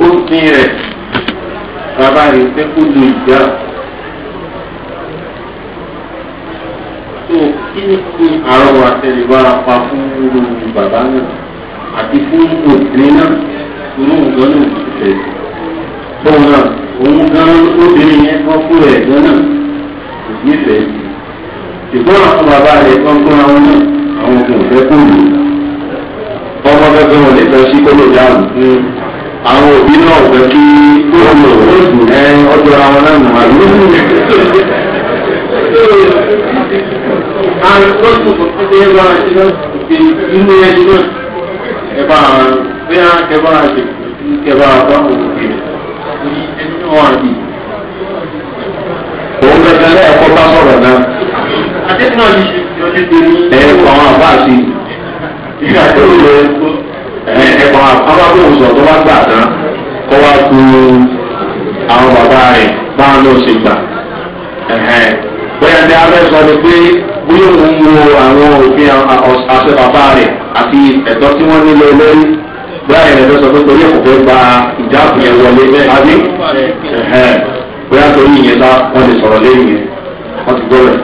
ó ti rẹ̀ bàbá rẹ̀ pé kó lo ìjà tó kí ni kí àrọwà tẹ̀lé bára pa fún olórí bàbá náà àti fún òbí náà inú ìgbọ́n náà ti tẹ̀ tó náà òun gan obìnrin yẹn kọ́ fún rẹ̀ náà kò nífẹ̀ẹ́ yìí ṣùgbọ́n àwọn bàbá rẹ̀ kan fún àwọn náà àwọn ogun òfẹ́ kò lù ọmọ gẹ́gẹ́ wọn lè fẹ́ sí kóló dáhùn àwọn òbí náà ò fẹ́ kí kóló ẹ ọjọ́ àwọn náà nù àlù. àwọn olóṣù kò tó dé bá a ṣe náà ṣe inú ẹ bá a bí a kẹ bá a ṣe kẹ bá a bá òun kiri ẹni náà wà ní. òun gẹ́gẹ́ náà ẹ̀kọ́ àwọn àbá sí ẹ̀kọ́ àbábọ̀ sọ̀ tó bá gbà tán kọ́ wá ku àwọn bàbá rẹ̀ báwọn náà ṣe gbà bóyá ní abẹ́ sọ ni pé bóyá òun wo àwọn òfin àṣẹ bàbá rẹ̀ àti ẹ̀tọ́ tí wọ́n nílò lórí bóyá ìrìn lọ sọ pé torí ẹ̀kọ́ fẹ́ gba ìjáàbù yẹn wọlé àbí bóyá torí ìyẹn bá wọ́n lè sọ̀rọ̀ lẹ́yìn yẹn wọ́n ti gbọ́ rẹ̀.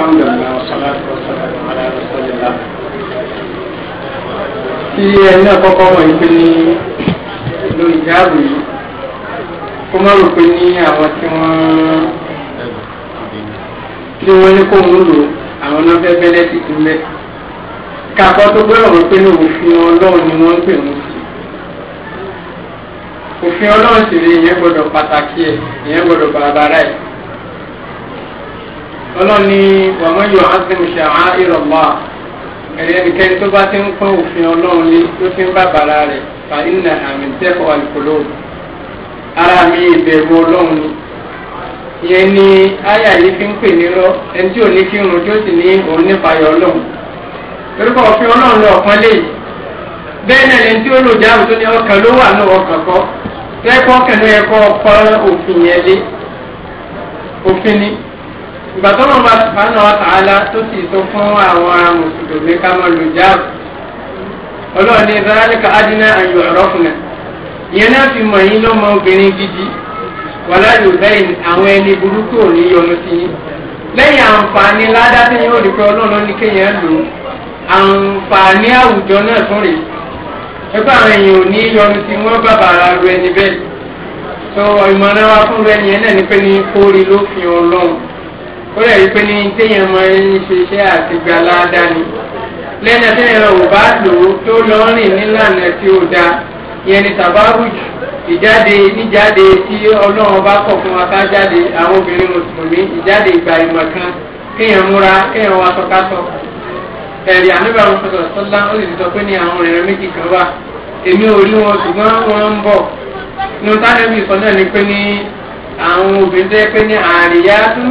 الحمد لله والصلاة والسلام على رسول الله tí ẹni náà kọ́kọ́ mọ̀ yìí pé ní lórí ìjáàbù yìí kó má rò pé ní àwọn tí wọ́n tí wọ́n ní kó ń lò àwọn náà fẹ́ bẹ́lẹ́ ti ti mẹ́. kakọ́ tó gbọ́dọ̀ wọ́n pé ní òfin ọlọ́run ni wọ́n ń pè wọ́n sí. òfin ọlọ́run sì ni ìyẹn gbọ́dọ̀ pàtàkì ẹ̀ ìyẹn gbọ́dọ̀ bàbá rà ẹ̀ ọlọ́ni wàmọ́ yóò azimu ṣàá ìrọ̀lá ẹ̀rẹ́dẹ́kẹ́ni tó bá ti ń pín òfin ọlọ́run lé tó ti ń bá bàrà rẹ̀ fa iná àmì tẹ́kọ̀ àlùkòló ara mi ìbẹ̀rù ọlọ́run ni ìyẹn ni àyà yìí fi ń pè ní rọ ẹni tí ò ní kí irun tó sì ní òun nípa yọ ọlọ́run orúkọ òfin ọlọ́run lọ ọ̀kan léyìí bẹ́ẹ̀ náà lẹni tí ó lò dáhùn tó ní ọkàn ló wà ní ọkàn kọ́ kẹ́kọ̀ọ́ kẹ́lẹ́ ẹ̀kọ́ ọ̀pọ̀ òfin ìgbà tó wọn bá sùpánà ọ̀tàlá tó sì tó fún àwọn mùsùlùmí ká mọ lùjáàbù ọlọ́run ní ìdáralẹ́ka adínà àyọ̀ ọ̀rọ̀kùnà ìyẹn náà fi mọ̀ yín lọ́mọ obìnrin gidi wàlá yorùbáyìn àwọn ẹni burúkú ò ní yọnu sí yín lẹ́yìn àǹfààní ládá tí yóò rí pé ọlọ́run ní kéèyàn lò ó àǹfààní àwùjọ náà tún rèé ẹgbẹ́ àwọn èèyàn ò ní yọnu sí wọ́n bàbà ara ru ẹni bẹ́ẹ̀ tó ìmọ̀ràn wa fún náà ní pé ní kórìí ó rẹ̀ wípé ní téèyàn máa ń ṣe iṣẹ́ àti gba ni lẹ́nu téèyàn ò bá lò ó tó lọ rìn nílànà tí ó da ìyẹn ni tàbáwùjù ìjáde níjáde tí ọlọ́run bá kọ̀ fún wa ká jáde àwọn obìnrin mùsùlùmí ìjáde ìgbà ìmọ̀ kan kéèyàn múra kéèyàn wá sọkásọ ẹ̀rí wọn sọ̀tọ̀ sọ́lá ó sì sọ pé ní àwọn méjì kan wà èmi ò rí wọn ṣùgbọ́n wọn ń bọ̀ táwọn ẹbí sọ náà ni pé ní àwọn obìnrin pé ní àríyá tún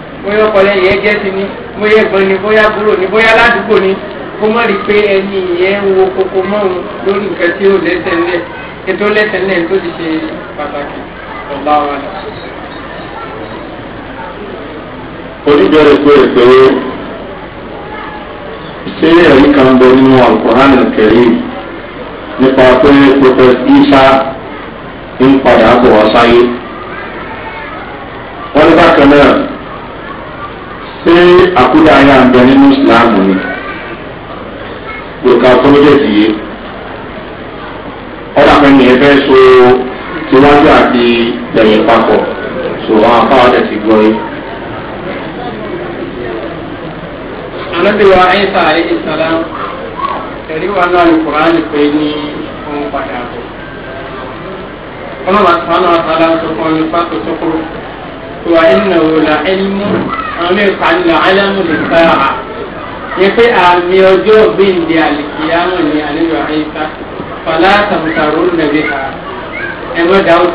bóyá ọkọlẹ yẹn jẹ́ ti ni bóyá ẹ̀gbọ́n ni bóyá búrò ni bóyá ládùúgbò ni kó má rí i pé ẹni yẹn ń wo koko mọ́ òun lórí nǹkan tí ó lẹ́sẹ̀ ńlẹ̀ ètò lẹ́sẹ̀ ńlẹ̀ tó ti ṣe pàtàkì ọ̀la wa lọ. oníbẹ̀rẹ̀ pé ìpèrè ṣé ẹ̀rí kan bẹ nínú alukóhánì kẹrin nípa pé prophet isa ń padà bọ̀ wá sáyé wọ́n ní bákan náà ṣé àkúdà yà ń bẹ nínú ìsìláàmù ni yorùbá pọ́lọ́jẹ̀tì yìí ọ̀dà pẹ̀lú ẹ̀ fẹ́ so tiwájú àti lẹ́yìn papọ̀ so àwọn afáwọn tẹ̀sí gbọ́ yìí. anabiwa aisa alayhi salam ẹ̀rí wa náà ní kuraani pé ní òun padà bọ̀ ọlọ́run àti wọn náà sáré àti ọkùnrin pàtó tó kúrò. وإنه لعلم أمير قال لعلم للساعة يقي أمي وجو بين دي القيامة يعني وعيسى فلا تمترون بها أما دعوت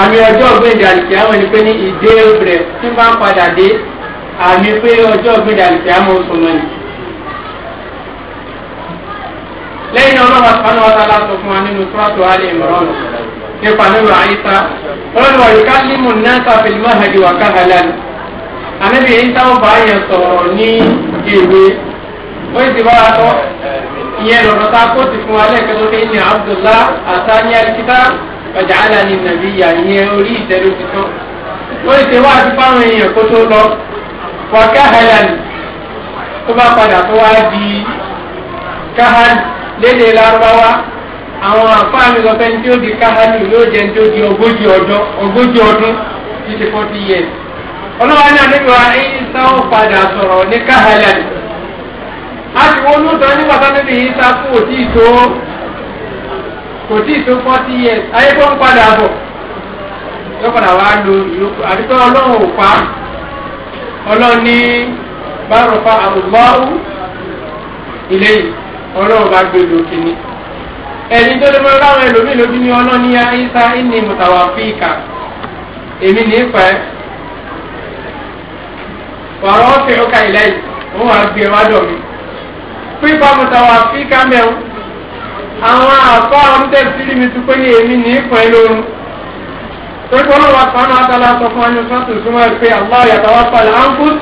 àmì ọjọ́ ọ̀gbìndì àlìkìyàmọ̀ ni pé ní ìdé rẹ̀ tí bá ń padà dé àmì pé ọjọ́ ọ̀gbìndì àlìkìyàmọ̀ oṣù náà ni. lẹ́yìn náà ọlọ́wọ́ sọ́nà ọ̀tá láti fún wa nínú túrọ́tù alẹ́ ìmọ̀ràn ọ̀sán nípa nílò àyíká wọn wà yíká límù náà fìlímù àhàdì wà káhàlá ni ànábì yìí táwọn bá yẹn sọ̀rọ̀ ní èwe ó sì bá a tọ́ ìyẹn lọ́dọ̀ tá a kó ti fún wa lẹ́ẹ̀kẹ́ tó kéyìn ní abdullah asani alikita ọ̀jàlá ni nàbí yà ìyẹn orí ìtẹ́lú ti tán ó sì wá àti fáwọn èèyàn kó tó lọ wà káhàlá ni tó bá padà tó wá di káhàlá lédè lárúbáwá. àwọn àfáàmì lọ́pẹ́ ní tí ó di káhánì yóò jẹ́ tí ó di ogójì ogójì ọdún ti ti years ọlọ́wà ní àdébíwá ẹ̀yìn sáwọ́ padà sọ̀rọ̀ ní káhánì àdì láti wọ́n ní nígbà tó níbi yìí sá kú years ayé tó ń padà bọ̀ yóò padà wá lo ìlú àdìpẹ́ ọlọ́run ò pa ọlọ́run bá rọ̀ e fa ẹ̀yin tó lọ́wọ́ láwọn ẹlòmíì lójú ní ọlọ́ ní àyíṣà ìní mùtàwàfíìkà èmi ní ìfẹ́ wàrà ọ̀sẹ̀ ọ̀ka ìlẹ̀ yìí wọ́n wá gbé wá dọ̀ mí. pípa mùtàwàfíìkà mẹ́wọ́ àwọn àfọ́ àwọn tẹ̀sílì mi tún ní èmi ní ìfẹ́ fún àtàlà sọ fún sọ́tún súnmọ́ pé Allah al-anfus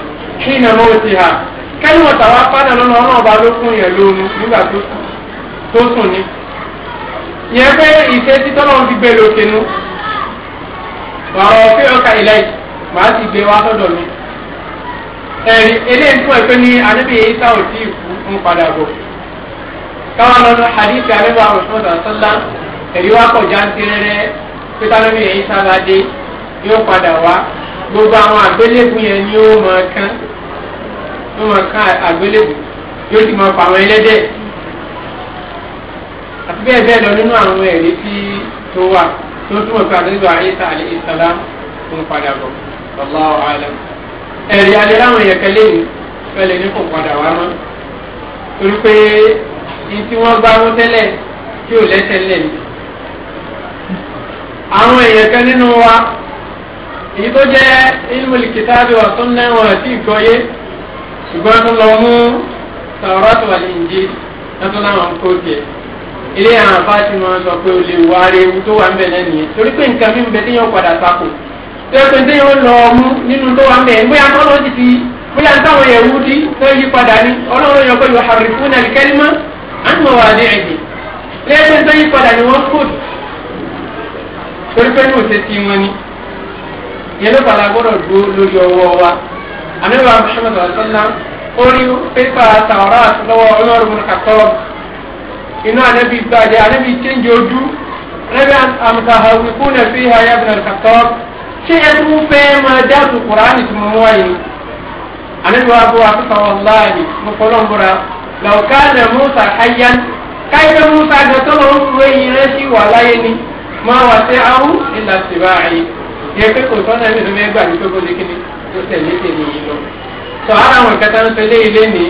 ọ̀nà ọba ló fún yẹn yẹn pé ìfẹ́ títọ́ lọ́wọ́ fi gbé lókè nu ọ̀rọ̀ pé ọkà ìlà yìí màá ti gbé wá sọ́dọ̀ mi ẹ̀rí eléyìí fún ẹ̀pẹ́ ní anábì isa ò tí ì fún padà bọ̀ káwọn lọ́nà hadith anábì àwọn ọ̀sán sọ́lá ẹ̀rí wá kọ̀ jáde rẹ́rẹ́ pé tánábì isa bá dé yóò padà wá gbogbo àwọn àgbélébùú yẹn ni ó mọ̀ kán ó mọ̀ kán àgbélébùú yóò ti mọ̀ pa àwọn àti bẹ́ẹ̀ bẹ́ẹ̀ lọ nínú àwọn ẹ̀rí tí tó wà tó túmọ̀ pé àdúgbò àyíká àlẹ́ ìsàlá tó ń padà bọ̀ ọ̀lá ọ̀hálẹ̀. ẹ̀rí alẹ́ láwọn èèyàn kẹlẹ́ yìí fẹ́lẹ̀ ní kò padà wá mọ́ torí pé ní tí wọ́n bá wọ́n tẹ́lẹ̀ tí ò lẹ́sẹ̀ lẹ̀ ní. àwọn èèyàn kan nínú wa èyí tó jẹ́ ilmul kitabi wa sunna wọn àti ìgbọ́yé ṣùgbọ́n tó lọ mú Tawrat wal Injil ilé àwọn afáàtì wọn sọ pé o lè wá ara ewu tó wà ń bẹ̀ náà nìyẹn torí pé nǹkan mi ń bẹ téèyàn padà sako tẹ́lẹ̀ pé téèyàn lọ mú nínú tó wà ń bẹ̀ bóyá tọ́lọ́ ti ti bóyá táwọn yẹ̀wù dí tó yí padà ní ọlọ́run yọ pé yóò hàrì fún alikẹ́límọ́ àmọ́ wà ní ẹ̀jẹ̀ tẹ́lẹ̀ pé tó yí padà ní wọ́n kóòdù torí pé ní òṣèṣì wọn ni yẹn ló padà gbọ́dọ̀ dúró lórí ọwọ́ wa àmì inú anabi bàjẹ́ anabi change ojú anabi amutahawikuna fiha ya ibn al-Khattab ṣé ẹ tún fẹ́ máa dáàbò kùránì tó mú wáyé anabi wa bọ̀ àkókò wàláhì mo kọ́ lọ́nbùra lọ́ọ̀ká na Musa hayyan káyọ̀ Musa gbẹ̀tọ́ ló ń fi yín rántí wà láyé ni máa wà sí ahùn ìlà tìbá yìí yẹ pé kò sọ́nà ẹ̀mí ló mẹ́gbàá ní pé kó lé kíní tó tẹ̀lé tèmi yìí lọ. sọ ara àwọn ìkẹta ń sọ ilé ilé ni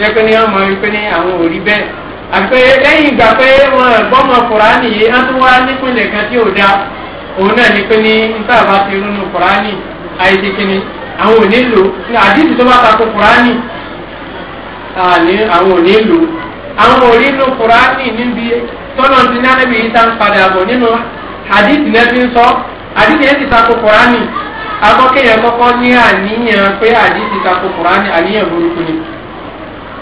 yẹ pé ní ọmọ yìí pé ní àwọn òrí bẹ́ẹ̀ àpẹẹrẹ lẹ́yìn ìgbà pé wọn gbọ́mọ kùránì yìí á tún wá nípìnlẹ̀ kan tí ò dáa òun náà ní pé ní ntàbá ti kùránì àwọn lò àdìsí tó bá takò kùránì àwọn lò àwọn nù kùránì níbi tọ́nà tí nánàbí yìí tá ń padà bọ̀ nínú àdìsí náà ti ń sọ àdìsí yẹn ti takò kùránì akọ́kẹ́yẹ kọ́kọ́ ní àníyàn pé àdìsí takò kùránì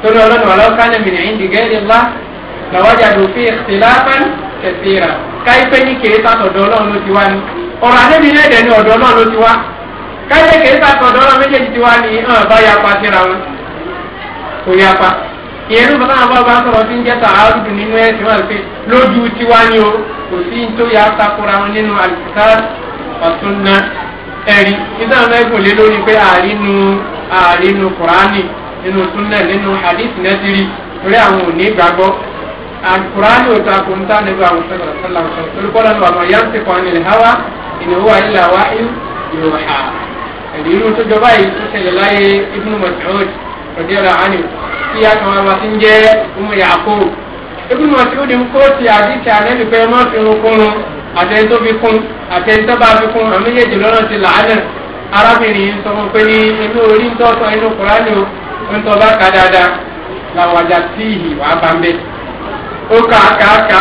torí ọlọ́run ọlọ́run kánà mìíràn ìdí gẹ́gẹ́ ńlá làwájà ló fi ìtìláfẹ́ kẹsìrà káyipẹ́ ní kèé sàtọ̀dọ̀ ọlọ́run ló ti wá ní ọ̀rọ̀ àdébí náà dẹ̀ ní ọ̀dọ̀ ọlọ́run ló ti wá káyipẹ́ kèé sàtọ̀dọ̀ ọlọ́run méjèèjì ti wá tu hàn bá yapa síra wọn kò yapa ìyẹn ló bàtà àbọ̀ bá sọ̀rọ̀ tí ń jẹ́ sàárùdù nínú ẹ̀sìn wọn pé lójú ti wá ní o kò sí tó yà sakura wọn nínú àlùkà ọ̀tún náà ẹ̀rí nítorí nínú súnà nínú hadith nẹ́tìrì torí àwọn òní gbàgbọ́ alukurani o ta kun ta nebo àwọn sọlọ sọlọ sọlọ olùkọ́lá ni wàá yá ti kàn nílẹ̀ hawa ìnáwó àyílá wa yóò ha ẹ̀dí irú tó jọba yìí tó ṣẹlẹ̀ láyé ibùdó mọ̀tòd rọ̀díọ̀lá ànì tí a kan wá ti ń jẹ́ ọmọ yàkó ibùdó mọ̀tòd ń kó ti àdìsí ànẹ́bí pé ọmọ fi hun kún àtẹ̀ntó fi kún àtẹ̀ntó bá fi kún àmì yéjì lọ́nà ti làánà arábìnrin sọ fún pé ní inú orí ń tọ́ ntọ́ba ka dáadáa làwọn àjà tíìhì wà á ó kà kà kà kà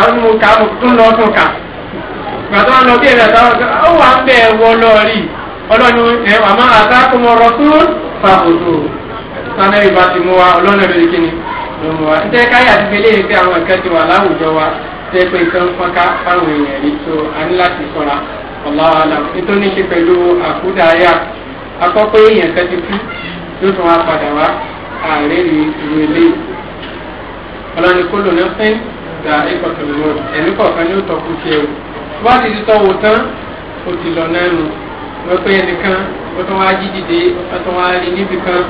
tó kà gbàtọ́ bí ó wà ń bẹ̀ wọ lọ́ọ̀rì ọlọ́ni ẹ̀ wà má tó fà òdò ìbá ti wa ọlọ́nà bẹ̀rẹ̀ ló mú wa ntẹ́ káyà ti fi léyìn pé àwọn ẹ̀kẹ́ ti wà láwùjọ wa tẹ́ pé nǹkan fọ́nká fáwọn èèyàn a ní láti sọ̀ra ọ̀làwọ̀ ṣe pẹ̀lú èèyàn ààrẹ ni irú ilé ọlọ́ni kóló náà fẹ́ gba ẹ̀kọ́ tó lọ́wọ́ ẹ̀mí kọ̀ọ̀kan ní ó tọ́kù tiẹ̀ o tó bá ti ti tọ́wọ́ tán ó ti lọ náà nù wọ́n pé ẹnìkan ó tán wá jí dìde ó tán wá rí níbi kan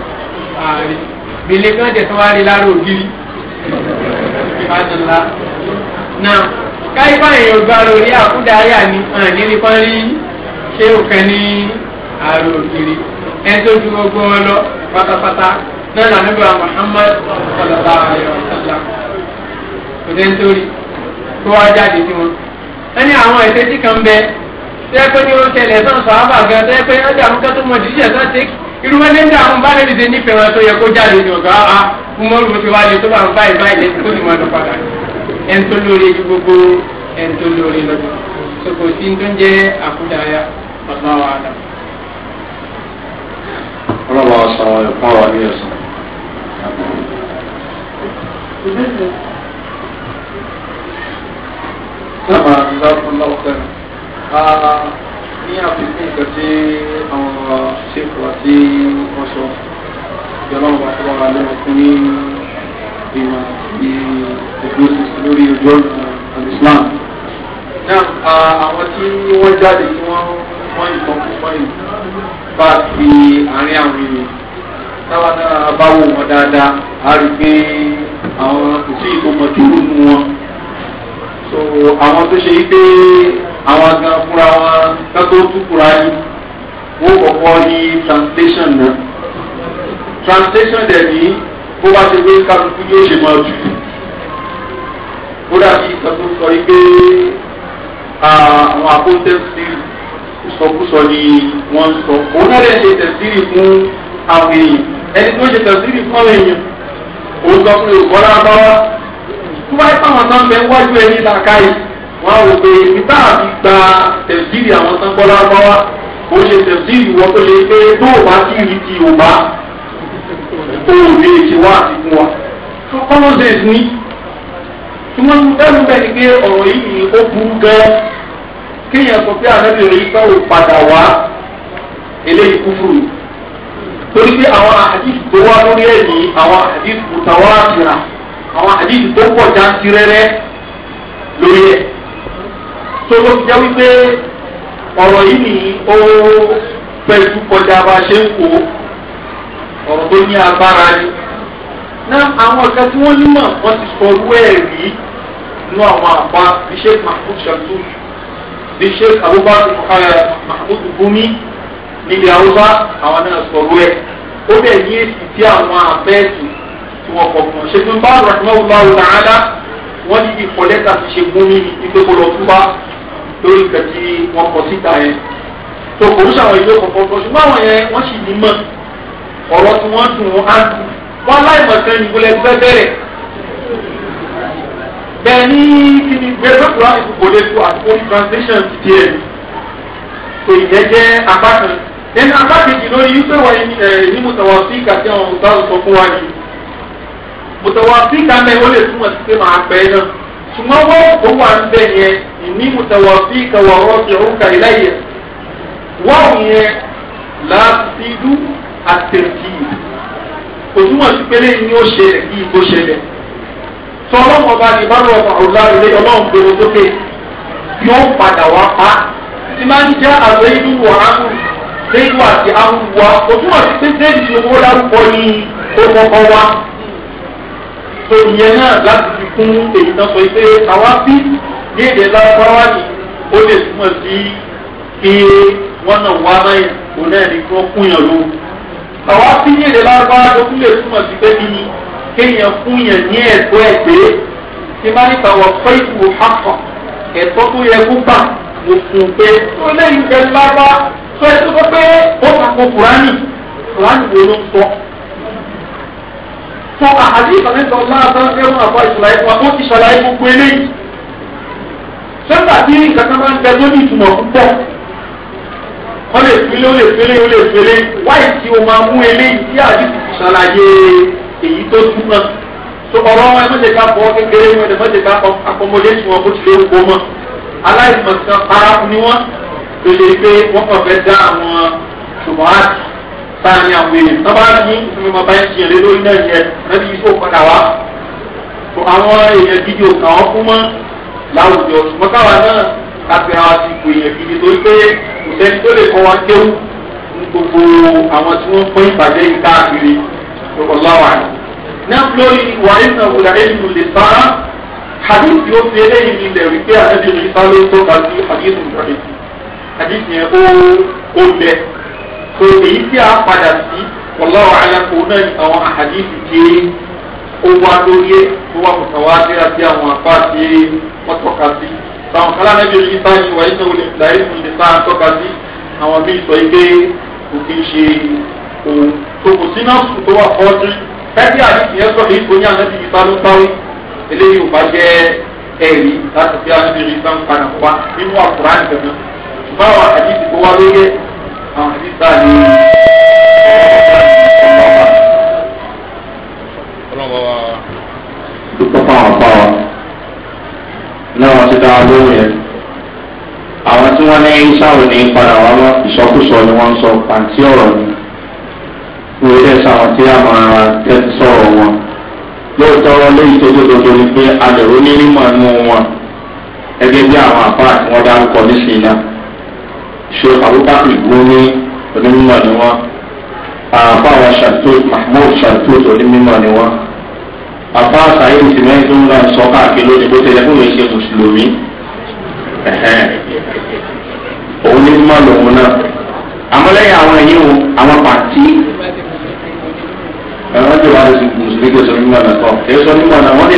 ààrẹ gbélé kan jẹ́ tán wá rí lára ògiri ìbádọ́lá náà káyí báyìí yóò gbá lórí àkúdà ayà ni àní nípa rí ṣé òkan ní ààrẹ ògiri ẹ tó ju gbogbo wọn lọ pátápátá náà nà nígbà Muhammad sallallahu alaihi wasallam kò dé nítorí kó wá jáde sí wọn. ẹni àwọn ẹ̀sẹ̀ tí kan bẹ tẹ́ pé ní ó ṣẹlẹ̀ sọ̀rọ̀ sọ̀rọ̀ àbà gan tẹ́ pé ọjà àwọn kẹ́tọ́ mọ̀ jíjẹ̀ sọ́ ṣe irú wọn lẹ́nu àwọn bá lẹ́nu ṣe nífẹ̀ẹ́ wọn tó yẹ kó jáde ní ọ̀gá a fún mọ́rù bó ti wá lé tó bá ń báyìí báyìí Sábà ń dá fún lọ́kàn. Ní àfikún nǹkan tí àwọn ṣèkù àti ọ̀ṣọ́ ìjọba tó wà lẹ́wọ̀n fún ní ìwà ní ìdúró lórí ojú ọ̀nà àlùsílám. Náà àwọn tí wọ́n jáde tí wọ́n mọ ìkọ̀kọ̀ mọ́ ìbá fi àárín àwọn ènìyàn táwa bá wò wọn dáadáa a rí i pé àwọn kò sí ìfowópamọ́ tó wù nù wọn so àwọn tó ṣe pé àwọn gan fúnra wọn kátó tún kura yìí wọ́n kọ́kọ́ ní translation náà translation dẹ̀ ní bó bá ṣe pé kálukú yóò ṣe máa jù ó dàbí ìtọ́jú sọ yí pé àwọn àpótẹ́sìtìrì ìsọkúsọ ni wọ́n sọ òun náà lè ṣe tẹ̀síìrì fún àwọn èèyàn ẹni tó ṣe tẹ̀síìrì fún èèyàn òun sọ pé òun bọ́lá bọ́lá tó wáyé fáwọn tán bẹ wájú ẹni làákàyè wọn rò pé nígbà àti gba tẹ̀síìrì àwọn tán bọ́lá bọ́lá ó ṣe tẹ̀síìrì wọ́n tó ṣe pé tó o bá sí ìrì ti Yorùbá tó o rí èsì wá àti fún wa tó kọ́nà ṣe é ní tí wọ́n ń bẹ́ẹ̀ bẹ́ẹ̀ ni pé ọ̀rọ̀ yìí ó burú gan-an kéèyàn sọ pé àlẹ́ mi ò yí sọ́wọ́ padà wá eléyìí torí pé àwọn àdìsí tó wá lórí ẹ̀ ní àwọn àdìsí tó tàwa àtìrà àwọn àdìsí tó pọ̀ já sí rẹ́rẹ́ lórí ẹ̀ tó ló fi jẹ́ wípé ọ̀rọ̀ yìí ni ó pẹ̀lú kọjá bá ṣe ń kó ọ̀rọ̀ tó ní agbára ni náà àwọn ọ̀gá tí wọ́n nímọ̀ wọ́n ti sọ orú ẹ̀ rí nínú àwọn àpá bí sheikh mahmoud shantou bí sheikh abubakar mahmoud bumi níbi haúsá àwọn náà sọ̀rọ̀ ẹ̀ ó bẹ̀ ní èsì tí àwọn àbẹ́ẹ̀sì tí wọ́n kọ̀ fún un ṣe fún báwo ni wọ́n bá wọn rárá wọ́n ní ìkọ̀ lẹ́tà ti ṣe gún mí ní pé kó lọ fún bá lórí nǹkan tí wọ́n kọ síta yẹn tó kò ń ṣàwọn ìlú kọ̀ọ̀kan kan ṣùgbọ́n àwọn yẹn wọ́n sì ní mọ̀ ọ̀rọ̀ tí wọ́n dùn wọ́n á dùn wọ́n láìmọ̀ kan ní ìbúlẹ̀ gbẹ́ bẹ̀rẹ̀ bẹ́ẹ̀ ní kí ni gbẹ́gbẹ́ kúrò àti kòkòlé tó àti own translation ti di ẹ̀ tó ìyẹn jẹ́ apá kan ẹnu abákejì lórí wípé wà ní mùtàwàsíkà tí àwọn ọ̀tá sọ fún wa yìí mùtàwàsíkà mẹ́ ó lè túmọ̀ sí pé màá pẹ́ náà ṣùgbọ́n wọ́n kó wà ń bẹ̀ yẹn ìní mùtàwàsíkà wà rọ́ọ̀sì òǹkà ìláyẹ̀ wọ́n yẹn láàbìdú àtẹ̀kì kò túmọ̀ sí pé lẹ́yìn ó ṣẹlẹ̀ kí ìbò ṣẹlẹ̀ sọ ọlọ́run ọba ní ìbámu ọba ọ̀la ilé ọlọ́run gbèrò sókè yóò padà wá pa ìmáà àlọ́ ìlú wọ̀ zéyìn wà sí awúwa o túmọ̀ sí pé zéyìn ṣe owó lárúkọ ní ọkọ̀ọ̀kọ̀ wa tó ìyẹn náà láti fi kún èyí náà sọ pé àwa bí ní èdè lárúbáwá ni ó lè túmọ̀ sí kí wọ́n náà wá náà òun náà ní kí wọ́n kún yàn ló àwa bí ní èdè lárúbáwá ló tún lè túmọ̀ sí pé ní kéèyàn kún yàn ní ẹ̀tọ́ ẹ̀ pé tí bá nípa wọ̀ pé ìwò hàn kan ẹ̀tọ́ tó yẹ kó bá mo fún un pé ó lè ń sọ ẹ tó sọ pé ó takò kùránì kùránì wo ló ń sọ sọ àhàdí ìfàmẹ́sọ láàbá ẹ̀rọ àbá ìṣàlàyé fún wa ó ti ṣàlàyé gbogbo eléyìí sọ́ńtà tí nǹkan kan máa ń bẹ tó ní ìtumọ̀ púpọ̀ wọ́n lè fele ó lè fele ó lè fele wáyé tí o máa mú eléyìí tí àdìsí ti ṣàlàyé èyí tó túmọ̀ tó ọ̀rọ̀ wọn ẹ̀mọ́jẹ̀ ká bọ́ kékeré wọn ẹ̀mọ́jẹ̀ ká akọmọdé tí wọn bó tilẹ̀ ń gbó mọ́ aláìmọ̀sán paraku ni wọ́n tó lè pé wọ́n kàn fẹ́ dá àwọn tòmọ́tì sáàni àwọn èèyàn tó bá ní ìfúnni wọn bá ń ṣe èrè lórí náà yẹ lẹ́bi yìí tó padà wá tó àwọn èèyàn gidi òkà wọn kú mọ́ láwùjọ ṣùgbọ́n káwa náà láti ra wa ti pò èèyàn gidi torí pé kò sẹ́ni tó lè kọ́ wa kéwù ní gbogbo àwọn tí wọ́n pín ìpàdé yìí káàkiri lọ́wọ́ àná. náà lórí ìwà ìsàn òwúrọ̀ ẹ̀yìn lè sára hadith yóò fi eléyìí nílẹ̀ wípé àtẹ́bí ìrìnsá ló tó kà hadith ìrìnsá àdìsí yẹn ó ó lẹ so èyí tí a padà sí wàláwà alákòó náà ní àwọn àdìsí tí ó wá lórí ẹ tó wà kò sáwá dé àti àwọn apá tí wọ́n tọ́ka sí àwọn kálánà bí oyin sáyẹn wà nínú olè láyé fún mi sáà tọ́ka sí àwọn míì sọ pé kò kí ń ṣe òun tó kò sí náà sùn tó wà fọ́ọ́tì kẹ́kí àdìsí yẹn sọ̀rọ̀ ìgbó ní àná ti fi sáré sáré eléyìí ò bá jẹ́ ẹ̀rí láti fi àdìsí báwọn àdìsí tó wá lórí àwọn àdìsí tá a ní àwọn tí wọ́n ní sáwọn ní padà wá mọ́ ìsọkúsọ ni wọ́n ń sọ pàǹtí ọ̀rọ̀ ni wọ́n yẹ sáwọn tí a máa tẹ́tí sọ̀rọ̀ wọn lóòótọ́ lóyún tó dódòdó ni pé alẹ́ onírímọ̀ nù wọn ẹgbẹ́ bí àwọn àpá àti wọn dárúkọ nísìnyí náà sheikh abubakar gumi onímọ̀ ni wọ́n àfáwọn shantot mahmoud shantot onímọ̀ ni wọ́n àfá sahib tìmẹ́ tó ń lọ sọ káàkiri lónìí bó tẹ̀lé fún mi ṣe mùsùlùmí òun ní mọ̀ lòun náà àmọ́ lẹ́yìn àwọn ẹ̀yìn o àwọn pàtí ẹ̀rọ tí wàá lọ́sìn mùsùlùmí kò sọ mímọ̀ náà kọ́ èso mímọ̀ náà wọ́n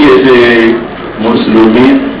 lè sọ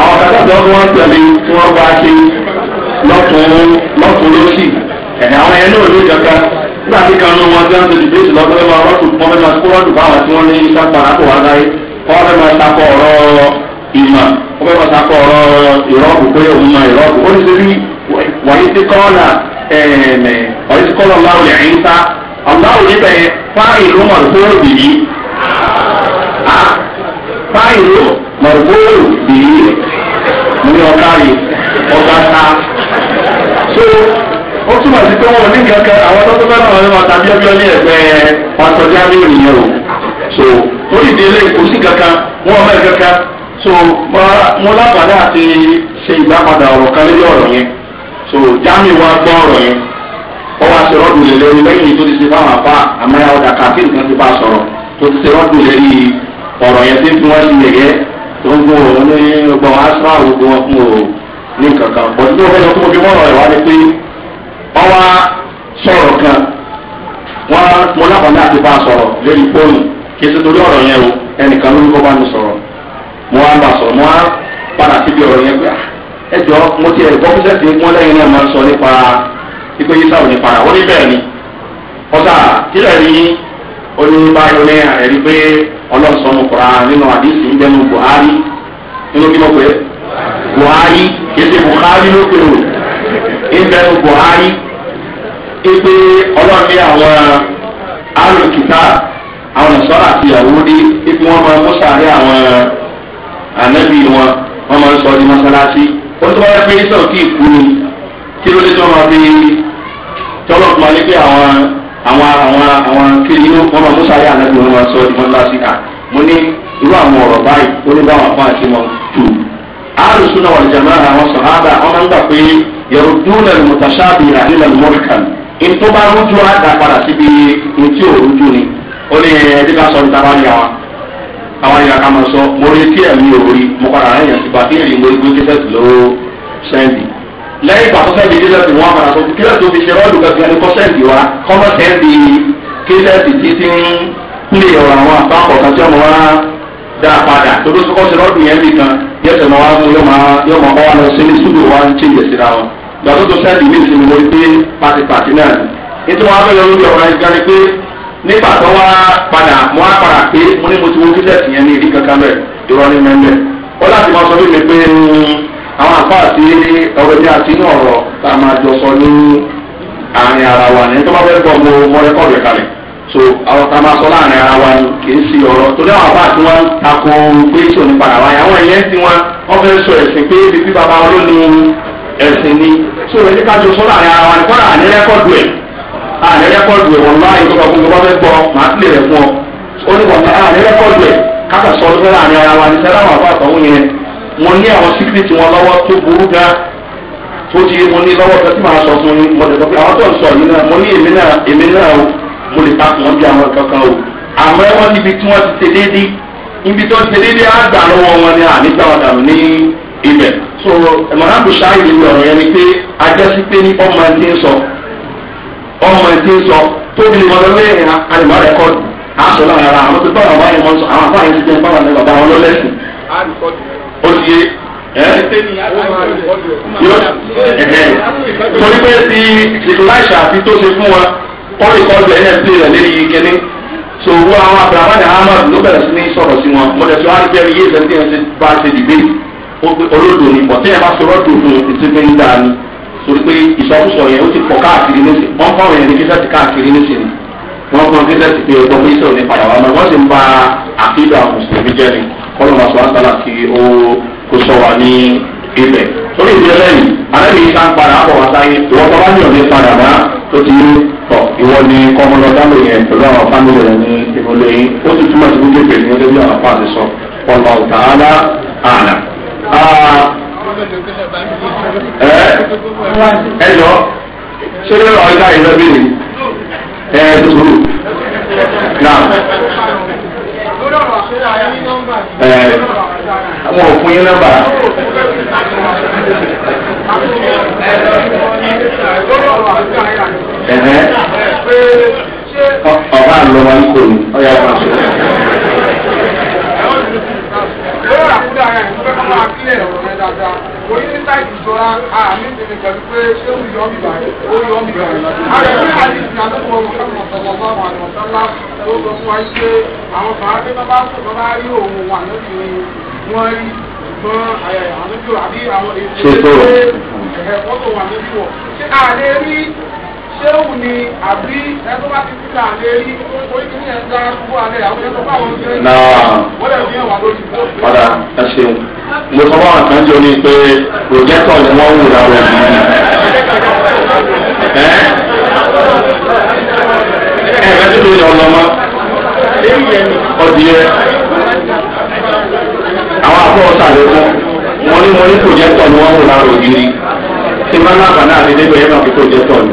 àwọn akẹ́kọ̀ọ́ tí wọ́n tẹ̀lé tí wọ́n bá ṣe lọ́kùnrin lọ́kùnrin lọ́sì ẹ̀hìn àwọn ẹni òde ìjọba nígbà tí kan wọn ti ń ṣe dìbéètì lọ́gbẹ́ wọn rọ́ọ̀tù wọn fẹ́ máa kó rọ́ọ̀tù fún àwọn tí wọ́n ní sápá àpò wá láyé wọn fẹ́ máa sakọ ọ̀rọ̀ ìmọ̀ wọn fẹ́ máa sakọ ọ̀rọ̀ ìrọ́ọ̀bù pé òun mọ ìrọ́ọ̀bù ó ní ṣe bí wàyí ti kọ́ọ̀là wàyí ti kọ́ọ̀là ọ̀làwọ̀ yẹn ń sá ọ̀làwọ̀ yẹn bẹ̀ fáì ló bìyí ah, fáì ló bìyí mo ní ọ̀gá rè ọ̀gá ta. so ó túmọ̀ sí pé wọn ò ní kankan àwọn tó tó bá náà wọn máa tàbí ọjọ́ ní ẹ̀gbẹ́ ọ̀tọ̀já ní ìrìnyẹn o so ó lè délé kò sí kankan wọn ọmọ ẹ̀ kankan so mo lábàdá àti ṣe ìdápadà ọ̀rọ̀ kan lórí ọ̀rọ̀ yẹn so jami wa gbọ́ ọ̀rọ̀ yẹn wọ́n wá ṣe rọ́dùn lélẹ́rí lẹ́yìn tó ti ṣe fáwọn afá àmọ́ ẹ̀ ọ̀dà kàfíìn kan ti bá sọ̀rọ̀ tó ti ṣe rọ́dùn lẹ́rí ọ̀rọ̀ yẹn tí wọ́n ti yẹ̀yẹ́ gbogbo òun ní gbogbo àwọn asọ́ àwọn gbogbo wọn fún òun ní kankan bọ̀ tí mo fẹ́ lọ fún mi wọ́n rọ̀ ẹ̀ wá ni pé wọ́n wá sọ̀rọ̀ kan wọ́n mo lábàá láti bá a sọ̀rọ̀ lórí fóònù kí ẹsẹ̀ torí ọ̀rọ̀ yẹn o ẹnìkan ló ń kọ́ bá mi sọ̀rọ̀ mo wá bá a sọ̀rọ̀ mo wá padà síbi ọ̀rọ̀ yẹn pé ah, ẹ jọ mo ti ẹ̀rọ bọ́fíṣẹ́ ti wọ́n lẹ́yìn náà máa ń sọ nípa ipe yíṣàwọ̀ nípa ó ní bẹ́ẹ̀ ni ọ̀sà kílẹ̀ rí yín ó ní báyọ̀ ní ẹ̀rí pé ọlọ́sọ̀nù kura nínú àdìsí ń jẹ́nu buhari nínú kí ló pé buhari kéde buhari ló pé o ń jẹ́nu buhari pé ọlọ́ọ̀ni àwọn alùkìtà àwọn sọ́ra àti ìyàwó dé pé wọ́n máa mú sàárẹ̀ àwọn ànábì wọn wọ́n máa ń sọ ní mọ́sálásí ó ti wáyé pé sọ̀kì ìkú ni kí ló dé tí wọ́n máa fi tọ́lọ̀ fún wa ní pé àwọn àwọn àwọn àwọn kiri wọn máa tó sáyà ànágbé wọn máa sọ ọdún wọn lásìkò ká mo ní irú àwọn ọ̀rọ̀ báyìí ó ní báwọn afọ àti wọn tù. àrùsùn náà wọ̀lẹ̀ jàmbá àwọn sàhábà wọn máa ń gbà pé yẹ̀rù dúnà ní mùtàṣáàbì àdínlẹ̀ mọ́ríkàn ìtọ́ bá rújú á dà padà síbi ìtí ò rújú ni ó ní ẹni ká sọ níta bá ní àwọn àwọn ìyá ká máa sọ mo rí tí ẹ̀mí ò mo padà rẹ̀ yàn sípa tí èyí mo rí gbé lẹ́yìn ìgbà tó sẹ́ẹ̀dì kílẹ̀sì wọn àmàlà tó kílẹ̀sì tó fi ṣe rọ́ọ̀lù gẹ́gẹ́ ni kọ́ sẹ́ẹ̀dì wa kọ́mọ̀ sẹ́ẹ̀dì kílẹ̀sì tí ti ń pè ọ̀rọ̀ àwọn àbáwọ̀ kan tí ọmọ wa dá a padà tó tó kọ́ sí rọ́ọ̀lù yẹn nìkan yẹ́sẹ̀ mọ́ wa mú yọ mọ́ wa lọ sí ní súdù wa ń ṣe ìyẹ̀sì ra wọn. ìgbà tó sẹ́ẹ̀dì mí ìsinmi lórí pé pàtìpàtì náà ni nítorí wọn abẹ́yẹ lórí ọ̀rọ̀ ẹ̀ka ni pé nígbà tó á padà pé ni mẹ́mẹ́ ó láti máa sọ fún mi àwọn àpá àti ọ̀rọ̀ ní àti inú ọ̀rọ̀ tá a máa jọ sọ ní àárín ara wa ní tó bá fẹ́ gbọ́ mo mọ rẹ́kọ̀dù ẹ̀ kalẹ̀ so àwọn tá a máa sọ láàrin ara wa ni kì í sí ọ̀rọ̀ torí àwọn àpá àti wọn takò pé tí ò ní padà wáyé àwọn ìyẹn ti wọn wọn fẹ́ sọ ẹ̀sìn pé bíbí bàbá wọn ló ní ẹ̀sìn ni so èyí ká jọ sọ láàrin ara wa ni kọ́ra àní rẹ́kọ̀dù ẹ̀ àní rẹ́kọ̀dù ẹ̀ wọn láàyè tó bá fún mi wọ́n fẹ́ gbọ́ màá tilẹ̀ rẹ̀ fún ọ mo ní àwọn síkírìtì wọn lọ́wọ́ tó burú gan tó ti mo ní lọ́wọ́ kan tí màá sọ fún yín mo lè sọ pé àwọn tó ń sọ yìí náà mo ní èmi náà èmi náà o mo lè ta kàn bí àwọn kankan o àmọ́ ẹ wọ́n níbi tí wọ́n ti ṣe déédéé ibi tó ti ṣe déédéé á gbà lọ́wọ́ wọn ni àníjà ọ̀dà ní ibẹ̀ so mọ̀nàkù ṣáàyè ni ọ̀rọ̀ yẹn ni pé ajásí pé ní ọmọ ẹ ti ń sọ ọmọ ẹ ti ń sọ tóbi ni wọn lọ lẹ́yìn àlùmọ́ rẹ̀ kọ́ọ̀dù àṣọ lára àwọn tó bá àwọn ó ti yé torí pé ti ìtòláṣà àti tó ṣe fún wa wọ́n lè kọ́ ọ̀dọ̀ nft rẹ̀ lẹ́yìn kínní so wọ́n àwọn abdulhamid ahmad ló bẹ̀rẹ̀ sí ní sọ̀rọ̀ sí wọn mo lè sọ àti bẹ́ẹ̀ yéé sẹ́ńtì ẹ̀ bá ṣe dìbè olódò ni bọ̀tẹ́ ẹ̀ bá sọ rọ́dò fún ìsinmi ń dáa ni torí pé ìsọkúsọ yẹn ó ti pọ̀ káàkiri ní sí wọ́n fọ́ọ̀rọ̀ yẹn ní kíṣẹ́tì káàkiri ní sí ni wọ́n fọ́ọ̀rọ̀ kíṣẹ́tì pé ọgbọ́n mísọ̀ ní padà wà mọ́ wọ́n sì ń ba àkídà mùsùlùmí jẹ́ ni kọ́lọ́mà sọ̀rọ̀tàlà kí ó kó sọ wa ní ibẹ̀. torí ìdílé lẹ́yìn arábì yìí sáà ń padà bọ̀ wá sáyé ìwọ tó bá yàn ní padà bá tó ti yé tọ̀ ìwọ ni kọ́mọlọ dáhùn yẹn pẹ̀lú àwọn fámìlì rẹ̀ ní ìmọ̀lẹ́ yìí ó sì túmọ̀ sí gbogbo ìpè ní ọdún bí àwọn fáàlì sọ ọ̀nà ọ̀tá àlà àlà. ẹ jọ ṣé lórí ọ̀gá ìlọ́bìnrin ẹ tó sùúrù náà àwọn òfin yín nọ́mbà. ọba àlọ́ wa ń kò ní ọ̀yà wa. Lọ́wọ́ àkúdà rẹ̀ oyin ní táyì ìṣọ́ra àmì ìṣẹ̀lẹ̀ pẹ̀lú pé ṣé ó yọ ọ́mì báyìí ó yọ ọ́mì báyìí. ààrẹ ní àdìsí àdókòwò mọ̀kànlá sọ̀rọ̀ bá wà ní ọ̀sánlá tó sọ fún wa pé àwọn bàbá bí wọ́n bá sùn tó bá rí òun wà lórí wọn rí ṣùgbọ́n àyàyà àdókòwò àbí àwọn èdè pé ẹ̀hẹ̀ fọ́tò wà lórí wọ̀ ṣé àlè rí séwù ni àbí ẹgbẹ́ bá ti fi là lé rí oríṣi ní ẹ̀ka gbogbo alẹ́ àwọn ẹ̀ka bá wọn jẹ́ wọ́n lè fi hàn wá lórí ìgbó. padà ẹ ṣe mo sọ fún àwọn kan jọ ní pé projector ni wọ́n ń wù láwọn ẹ̀mí mi. ẹ ẹ bẹ tí lóye ọlọmọ ọdìyẹ àwọn afọ ọsàlẹkùn wọn ní wọn ní projector ni wọ́n wù láwọn ògiri tí wọn náà bá náà ti dé bẹyẹ náà fi projector ni.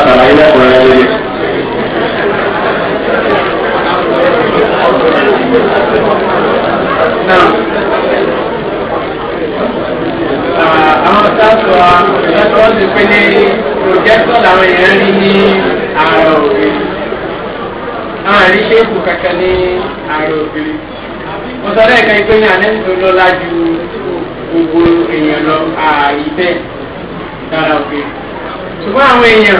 Uh, àwọn sáàtọ̀ ọ̀dọ́ ti pé ní projector làwọn èèyàn rí ní ààrẹ òkèrè àwọn àrí ṣéèkù kankan ní ààrẹ òkèrè wọ́n sọ lẹ́ẹ̀kan pé ní àná tó lọ́la ju gbogbo èèyàn lọ ààyè bẹ́ẹ̀ dára òkèrè ṣùgbọ́n àwọn èèyàn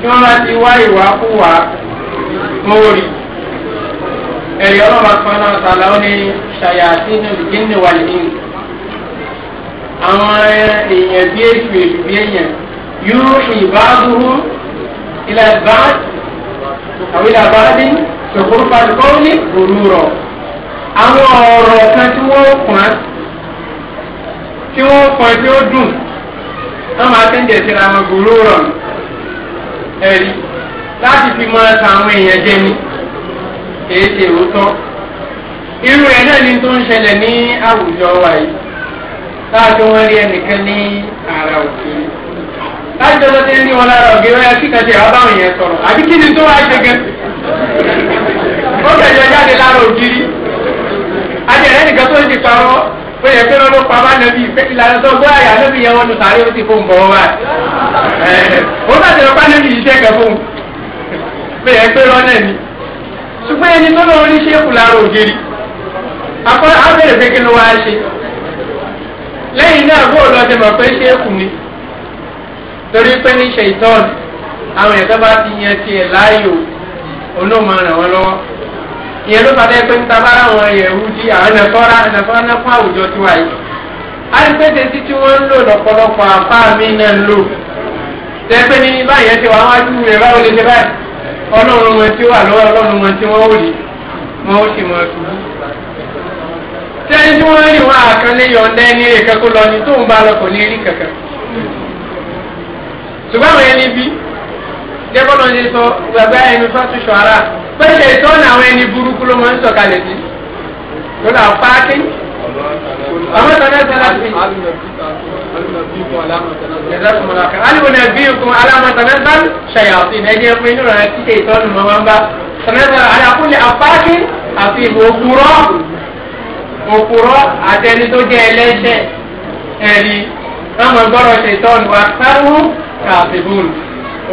tí wọ́n bá ti wá ìwà kú wá mọ́wórì ẹ̀rí ọlọ́run akpọ́nà ọ̀sàlà ó ní ṣàyàtínú ìdíni wà lẹ́yìn. àwọn èèyàn bí èsù èsù bí èèyàn yóò ìbáàdúró ilẹ̀ báàd àwọn ilẹ̀ báàdì ṣòkòrò fàdúkọ́ ní òrùrọ̀. àwọn ọ̀rọ̀ kan tí wọ́n pọ́n tí wọ́n pọ́n tí ó dùn wọ́n máa tẹ́ ń jẹ̀ síra wọn gbòòrò rọ̀ ẹ̀rí láti fi máa ta àwọn èèyàn jẹ ni. kìí ṣe òótọ́ irú rẹ̀ náà ni tó ń ṣẹlẹ̀ ní àwùjọ wa yìí láàjọ wọn rí ẹnìkan ní ara òkèèrè láti ọjọ́ ń wọn lára yẹn àbí kí ni tó wá ṣe gan ó kẹ̀jọ jáde lára ògiri ajẹ̀rẹ́ nìkan tó ń ti parọ́ ó yẹ pé lọ́dún pa bá nàbí ìlànà tó gbọ́ àyà nàbí yẹn wọn tó sáré ó ti fún bọ́ wá ó bá ti nàbí ṣùgbọ́n ẹni tó lọ rí ṣéèkù lára ògiri akọ́ abẹ́rẹ́ pé kí ló wáá ṣe lẹ́yìn náà bó lọ́jọ́ mọ̀ pé ṣéèkù ni torí pé ní ṣèitọ́ọ̀nù àwọn èèyàn tó bá ti yan tiẹ̀ láàyò olóòmọ ràn wọ́n lọ́wọ́ ìyẹn ló fàdé pé níta bá ráwọn yẹ̀wù di àwọn ẹ̀nàfọ́ra ẹ̀nàfọ́ra náà fún àwùjọ tiwa yìí alipẹ́tẹ́ tí tí wọ́n ń lò lọ́pọ̀lọpọ̀ àfáà mi náà ń lò tẹ́pẹ́ ní báyẹn ti wà wájú rẹ̀ báwo lè ṣe báyìí. ọlọ́run wọn tí wà lọ́wọ́ ọlọ́run wọn tí wọ́n ò rí ó sì mọ ẹ̀kú. sẹ́yìn tí wọ́n rí wọn àkànlé yọ̀ǹda ẹni rè kankan lọ ni tóun bá lọ kò ní rí kankan. ṣùgbọ́n àwọn ẹni bí sọ ẹni ṣọ́ra pé وما تنزلت به هل ننبئكم على ما تنزل شياطين هل يؤمنون على شيطان مهمبا تنزل على كل أفاك أفيم وقراء وقراء أتاني توجه إليه ẹni táwọn ẹgbọ́rọ̀ ṣe ìtọ́nu wa sáwọ́ kàbíbùn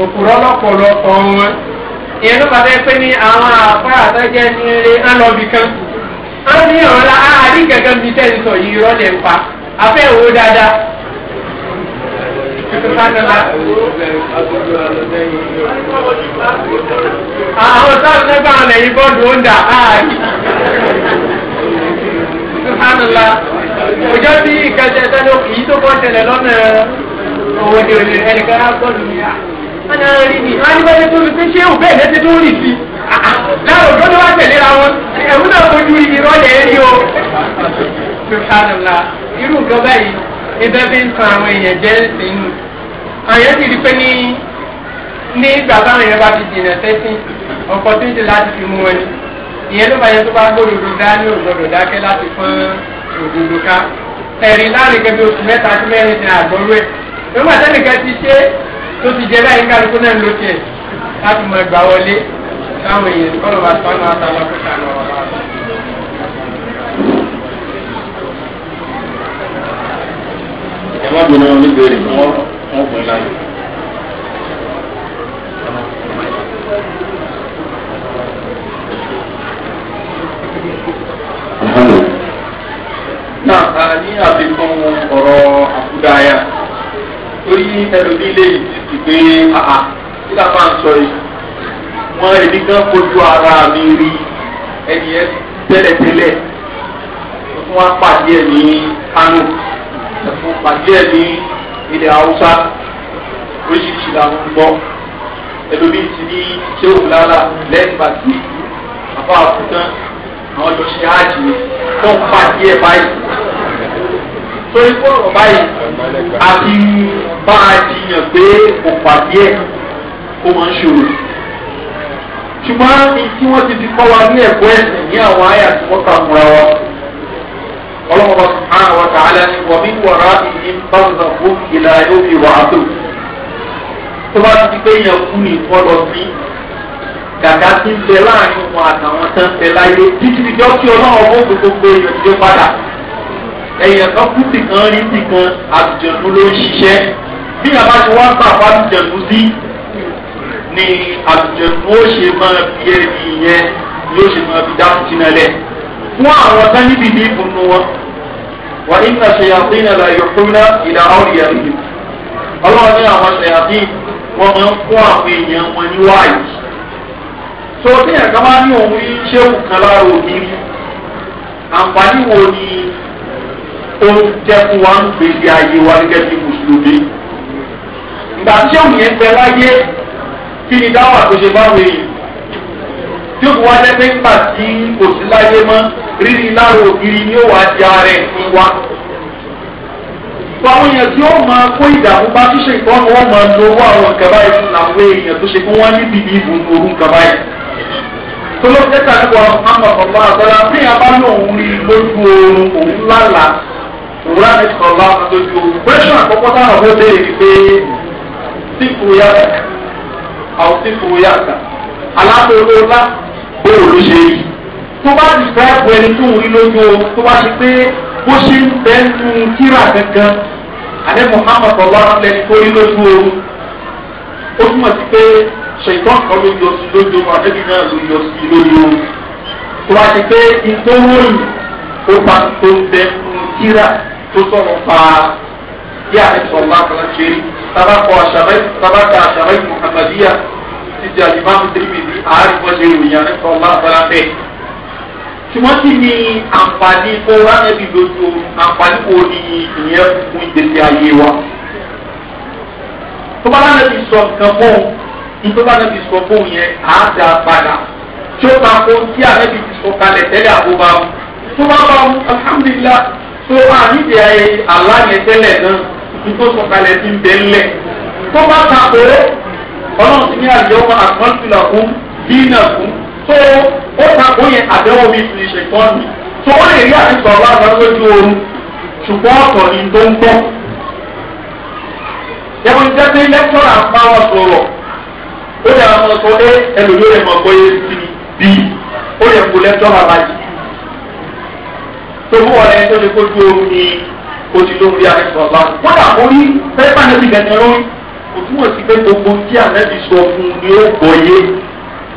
òkúrọ́ lọ́pọ̀lọpọ̀ wọn. ìyẹn ló pàtẹ́ pé ní àwọn àpá àtẹ́jẹ́ ní ilé alọ́bì kan. a ní ọ̀rọ̀ àrí gẹ́gẹ́ bíi tẹ́ ń sọ yìí rọ́lẹ̀ ń pa afẹ́ òwò dáadáa. àwọn sáà sẹ́gbà ọ̀nà yìí bọ́ọ̀dù ó ń dà áàrí. Subhanallah, òjò bí ìkẹjẹ sẹ́nu kìí tó kọ́ tẹ̀lẹ̀ lọ́nà òwò ni òlè ẹnìkan á gbọ́dọ̀ ní à. Wọ́n ní wọ́n ní bọ́lá tó fi pé ṣé òbẹ́ẹ̀ lẹ́sẹ̀ tó rì sí i láwọn òjò ni wọ́n tẹ̀lé ra wọn ẹ̀rú náà fojú ibi rọ́lẹ̀ rí o. subhanallah irú nǹkan báyìí ẹgbẹ́ bí ń tan àwọn èèyàn jẹ́ sínú àwọn èèyàn ti rí pé ní ní ìgbà táwọn èèyàn bá ti dènà sẹ́sìn ọkọ̀ tó ń ṣe láti fi mú wọn ni ìyẹn ló bá yẹ tó bá gbódòdó dá ní òdòdó dákẹ́ láti fún òdòdó ká ẹ̀rìn láàrin kẹbi oṣù mẹ́ta sí mẹ́rin ní àgbọ̀rú ẹ̀ nígbà tẹ́nìkan ti ṣe tó ti jẹ́ báyìí kálukú náà ló tiẹ̀ láti mọ ẹgbàá wọlé káwọn èèyàn kọ́lọ̀ bá sọ́nà àtàlọ́ kó sànù ọ̀rọ̀ wa. ẹ má bínú oníbèrè mọ́ wọ́n pè láyé. náà ní àfikún ọ̀rọ̀ àkúdáyà torí ẹlòmí lè ti pé àà kí lápá ń sọ yìí wọn ẹni kan fojú ara mi rí ẹni yẹn tẹ́lẹ̀tẹ́lẹ̀ fún wa pàdé ẹ̀ ní Kánò ẹ̀fún pàdé ẹ̀ ní ilẹ̀ Haúsá oríṣiríṣi làwọn ń gbọ́ ẹlòmíì ti ní ṣéwò lára lẹ́yìn bàtí àbá àfúntán àwọn jọ ṣe áàjì yẹn pàdé ẹ̀ báyìí torí kó ọ̀rọ̀ báyìí àti bá a jiyàn pé kò pàdé ẹ̀ kó máa ń ṣòro ṣùgbọ́n ní tí wọ́n ti fi kọ́ wa ní ẹ̀kọ́ ẹ̀sìn ní àwọn àyà tí wọ́n kà fúnra wa ọlọ́run wa subhanahu wa ta'ala ni wọ́n mi wọ̀rọ̀ ìyí ń bá wọn kó ìlà yóò fi wà á tó tó bá ti di pé èèyàn kú ní ìfọdọ̀ sí gàgá tí ń bẹ láàrin wọn àtàwọn tán ń bẹ láyé títí ìjọ kí ọlọ́run ó gbogbo èèyàn ti dé padà èèyàn kan kú sí kan rí sí kan àtùjọ̀nù ló ń ṣiṣẹ́ bí àbájọ wá gbà fún sí ni àtùjẹ̀kùn ó ṣe máa fi ẹni yẹn yóò ṣe máa fi dáhùn sínú ẹlẹ́ fún àwọn tán níbi ní ìbùnú wọn wà nígbà ṣèyàtì náà la yọkúnná ìlà ọ̀rì àríyìn ọlọ́run ní àwọn ṣèyàtì wọn máa ń kó àwọn èèyàn wọn ní tó ní ẹ̀ka máa ní òun yí ṣéwù kan lára òbí àǹfààní wo ni ó ń wa ń gbèsè ayé wa gẹ́gẹ́ bí mùsùlùmí ìgbà tí òun yẹn bẹ láyé kí ni dáwà tó ṣe bá wẹ̀yìn tí ó fi wá jẹ́ pé nígbà tí kò sí láyé mọ́ rírí lára ògiri ni ó wà á di ara fún wa. Àwọn èèyàn tí ó máa kó ìdààmú bá ṣíṣe ìtọ́nu wọn máa lo owó àwọn nǹkan báyìí fún àwọn èèyàn tó ṣe kí wọ́n níbi ìbò ooru nǹkan báyìí. Tolóṣẹ́ tàbí wọn àpapọ̀ àgbàlá tí a bá ní òun rí lójú oorun òun lálàá òun láti sọ̀rọ̀ lójú oorun. Pẹ́ṣọ̀ àkọ́kọ́ táwọn ọ̀gbọ́n bẹ̀rẹ̀ ni pé sípò yára àwòsífò yàtà alákòókò bá bóòlù ló ṣe yìí tó bá ti fẹ́ bu ẹni tó ń rí lójú o tó bá ti pé bó ṣe ń bẹ́ nu kíra kankan àdé muhammed ọlá lẹni tó rí lójú o ó túmọ̀ sí pé ṣètò ọ̀kan ló yọ sí lójú o àdébí náà ló yọ sí lójú o tó bá ti pé ìgbówóyìn ó bá tó ń bẹ́ nu kíra tó sọ̀rọ̀ pa bí àdébí ọlá kan ṣe rí tabakọ aṣàbẹ tabakọ aṣàbẹ muhammadiya ti di alimami tirimizi ààrẹ mọṣẹ ìròyìn àrẹ sọlá abẹrẹ ṣùgbọ́n kí ni àǹfààní kó ránẹ́bí lójú àǹfààní wo ni ìyẹn fún ìgbésí ayé wa tó bá ránẹ́bí sọ nǹkan fún un tó bá ránẹ́bí sọ fún un yẹn á dá padà tí ó máa kó tí àrẹ́bí ti sọ kalẹ̀ tẹ́lẹ̀ àbúbá wọn tó bá bá wọn alhamdulilah tó wà nídìí ayé aláyẹn náà nítorí sọ̀kalẹ̀ ti ń bẹ̀ ńlẹ̀ tó bá ta kó ọlọ́run ti ní àjọ ọmọ àkọ́ńtìlà fún dínà fún tó ó ta kó yẹn àdéhùn mi ti ṣe tán mi tó ó lè rí àti sọ̀rọ̀ àwọn lójú oorun ṣùgbọ́n ọ̀tọ̀ ni tó ń gbọ́. yẹ́n jẹ́ pé lẹ́kítọ́rà ń bá wọn sọ̀rọ̀ ó yẹ àwọn sọ pé ẹlòmíì rẹ̀ mọ̀ gbọ́ yé sí bí ó yẹ kó lẹ́kítọ́rà báyìí tó mú ọ̀rẹ́ tó lè kó ju oorun ni odi lórí àìsàn bá wọn dà bó ní pẹ́pà nẹ́bí lẹ́nu lórí kò túmọ̀ sí pé gbogbo tí ànẹ́bí sọ fún ni ó gbọ́yé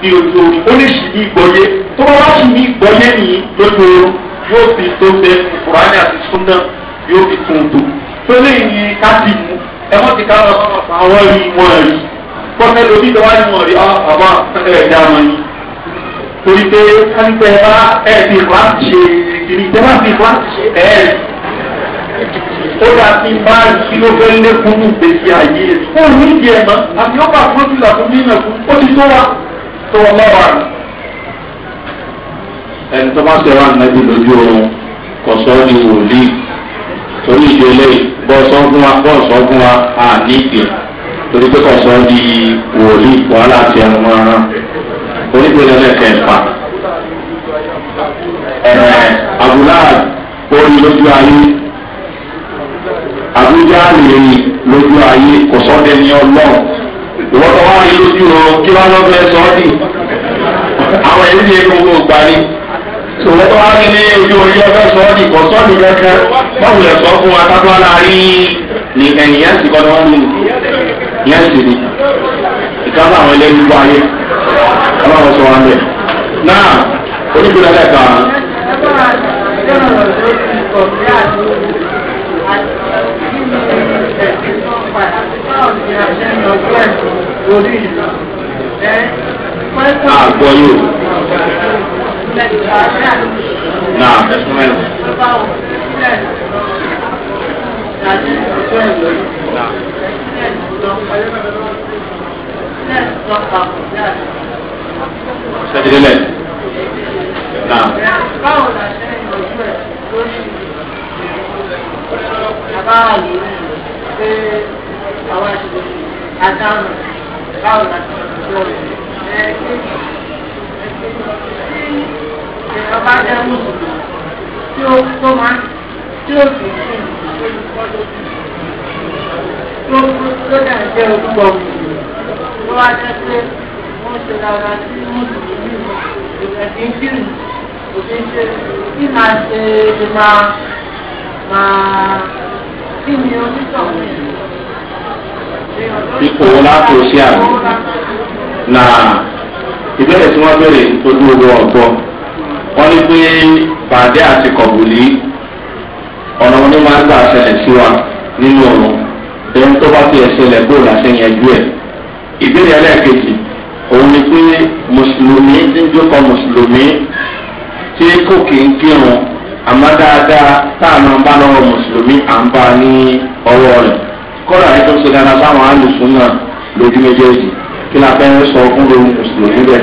ní ojú orí ó lè sì ní gbọ́yé tó bá wá sì ní gbọ́yé nìyí lójú oorun yóò fi tó bẹ kùránì àti súnà yóò fi tó tó tó lè ní káàdì mú ẹ mọ́ ti ká lọ sọ́nà àwọn rí wọn rí pọ́fẹ́ lórí lọ́wọ́ ni wọ́n rí ọ̀bá ẹ̀dá wọn ni torí pé káńtẹ́ bá ẹ̀ẹ́dì ó dà sí báyìí kí ló fẹ́ lékún ní ìgbésí ayé ẹ̀ ó ní ìdí ẹ̀ mọ́ àti ó bá pọ́ńtìlà tó ní ìnà fún ó ti tó wa tó wọn bá wà. ẹni tó bá ṣẹ̀wá nàbí lójú oorun kò sọ ní wòlíì torí ìdílé bọ́ọ̀sọ́ fún wa bọ́ọ̀sọ́ fún wa à ní ìdí torí pé kò sọ ní wòlíì wàhálà ti ẹnu mọ́ ara onígbèrè lẹ́kẹ̀ẹ́fà ẹ̀ẹ́ àbúlá orí lójú ayé àbújá lèrè lójú ayé kò sọ́dẹ̀ ní ọlọ́run ìwọ́tọ̀ wá rí lójú o kí wọ́n lọ́ fẹ́ sọ́ọ́dì àwọn èyí ni gbogbo gbani ìwọ́tọ̀ wá rí ní ojú orí ọfẹ́ sọ́ọ́dì kò sọ́ọ́dì kankan báwo lè sọ fún wa kápẹ́ wọn láàrí ní ẹ̀yìn yẹn sì kọ́ni wọ́n lù yẹn sì ni ìkápá àwọn ilé gbogbo ayé ọlọ́run sọ wọn bẹ̀ náà onígbìnrin ẹ̀ka. àgbọ̀ yóò. náà ẹ̀sùn mẹ́rin. sẹ́dílẹ̀. náà. báwo la ṣe ń lọ ẹ̀ lórí ìlú? bàbá àlè ṣe àwọn àṣìkò àdáhùn máa kí máa ṣe máa máa yìí. ipò láti ṣe àmì na ìbéèrè tí wọ́n béèrè ojú ogun ọ̀gbọ́ wọ́n ní pé bàdé àti kọ̀bùlì ọ̀nà wọn ní máa ń gbà ṣẹlẹ̀ sí wa nínú ọ̀run ẹni tó bá fi ẹ̀ṣẹlẹ̀ bóòlù àṣẹyànjú ẹ̀ ìbéèrè ẹlẹ́ẹ̀kejì òun ni pé mùsùlùmí ti ń jókòó mùsùlùmí tí kò kí kírun àmọ́ dáadáa tá a máa ń kọ́ra ẹni tó ń ṣe dáná sáwọn alùsùn náà lójú méjèèjì kí la fẹ́ sọ fún lórí mùsùlùmí bẹ́ẹ̀.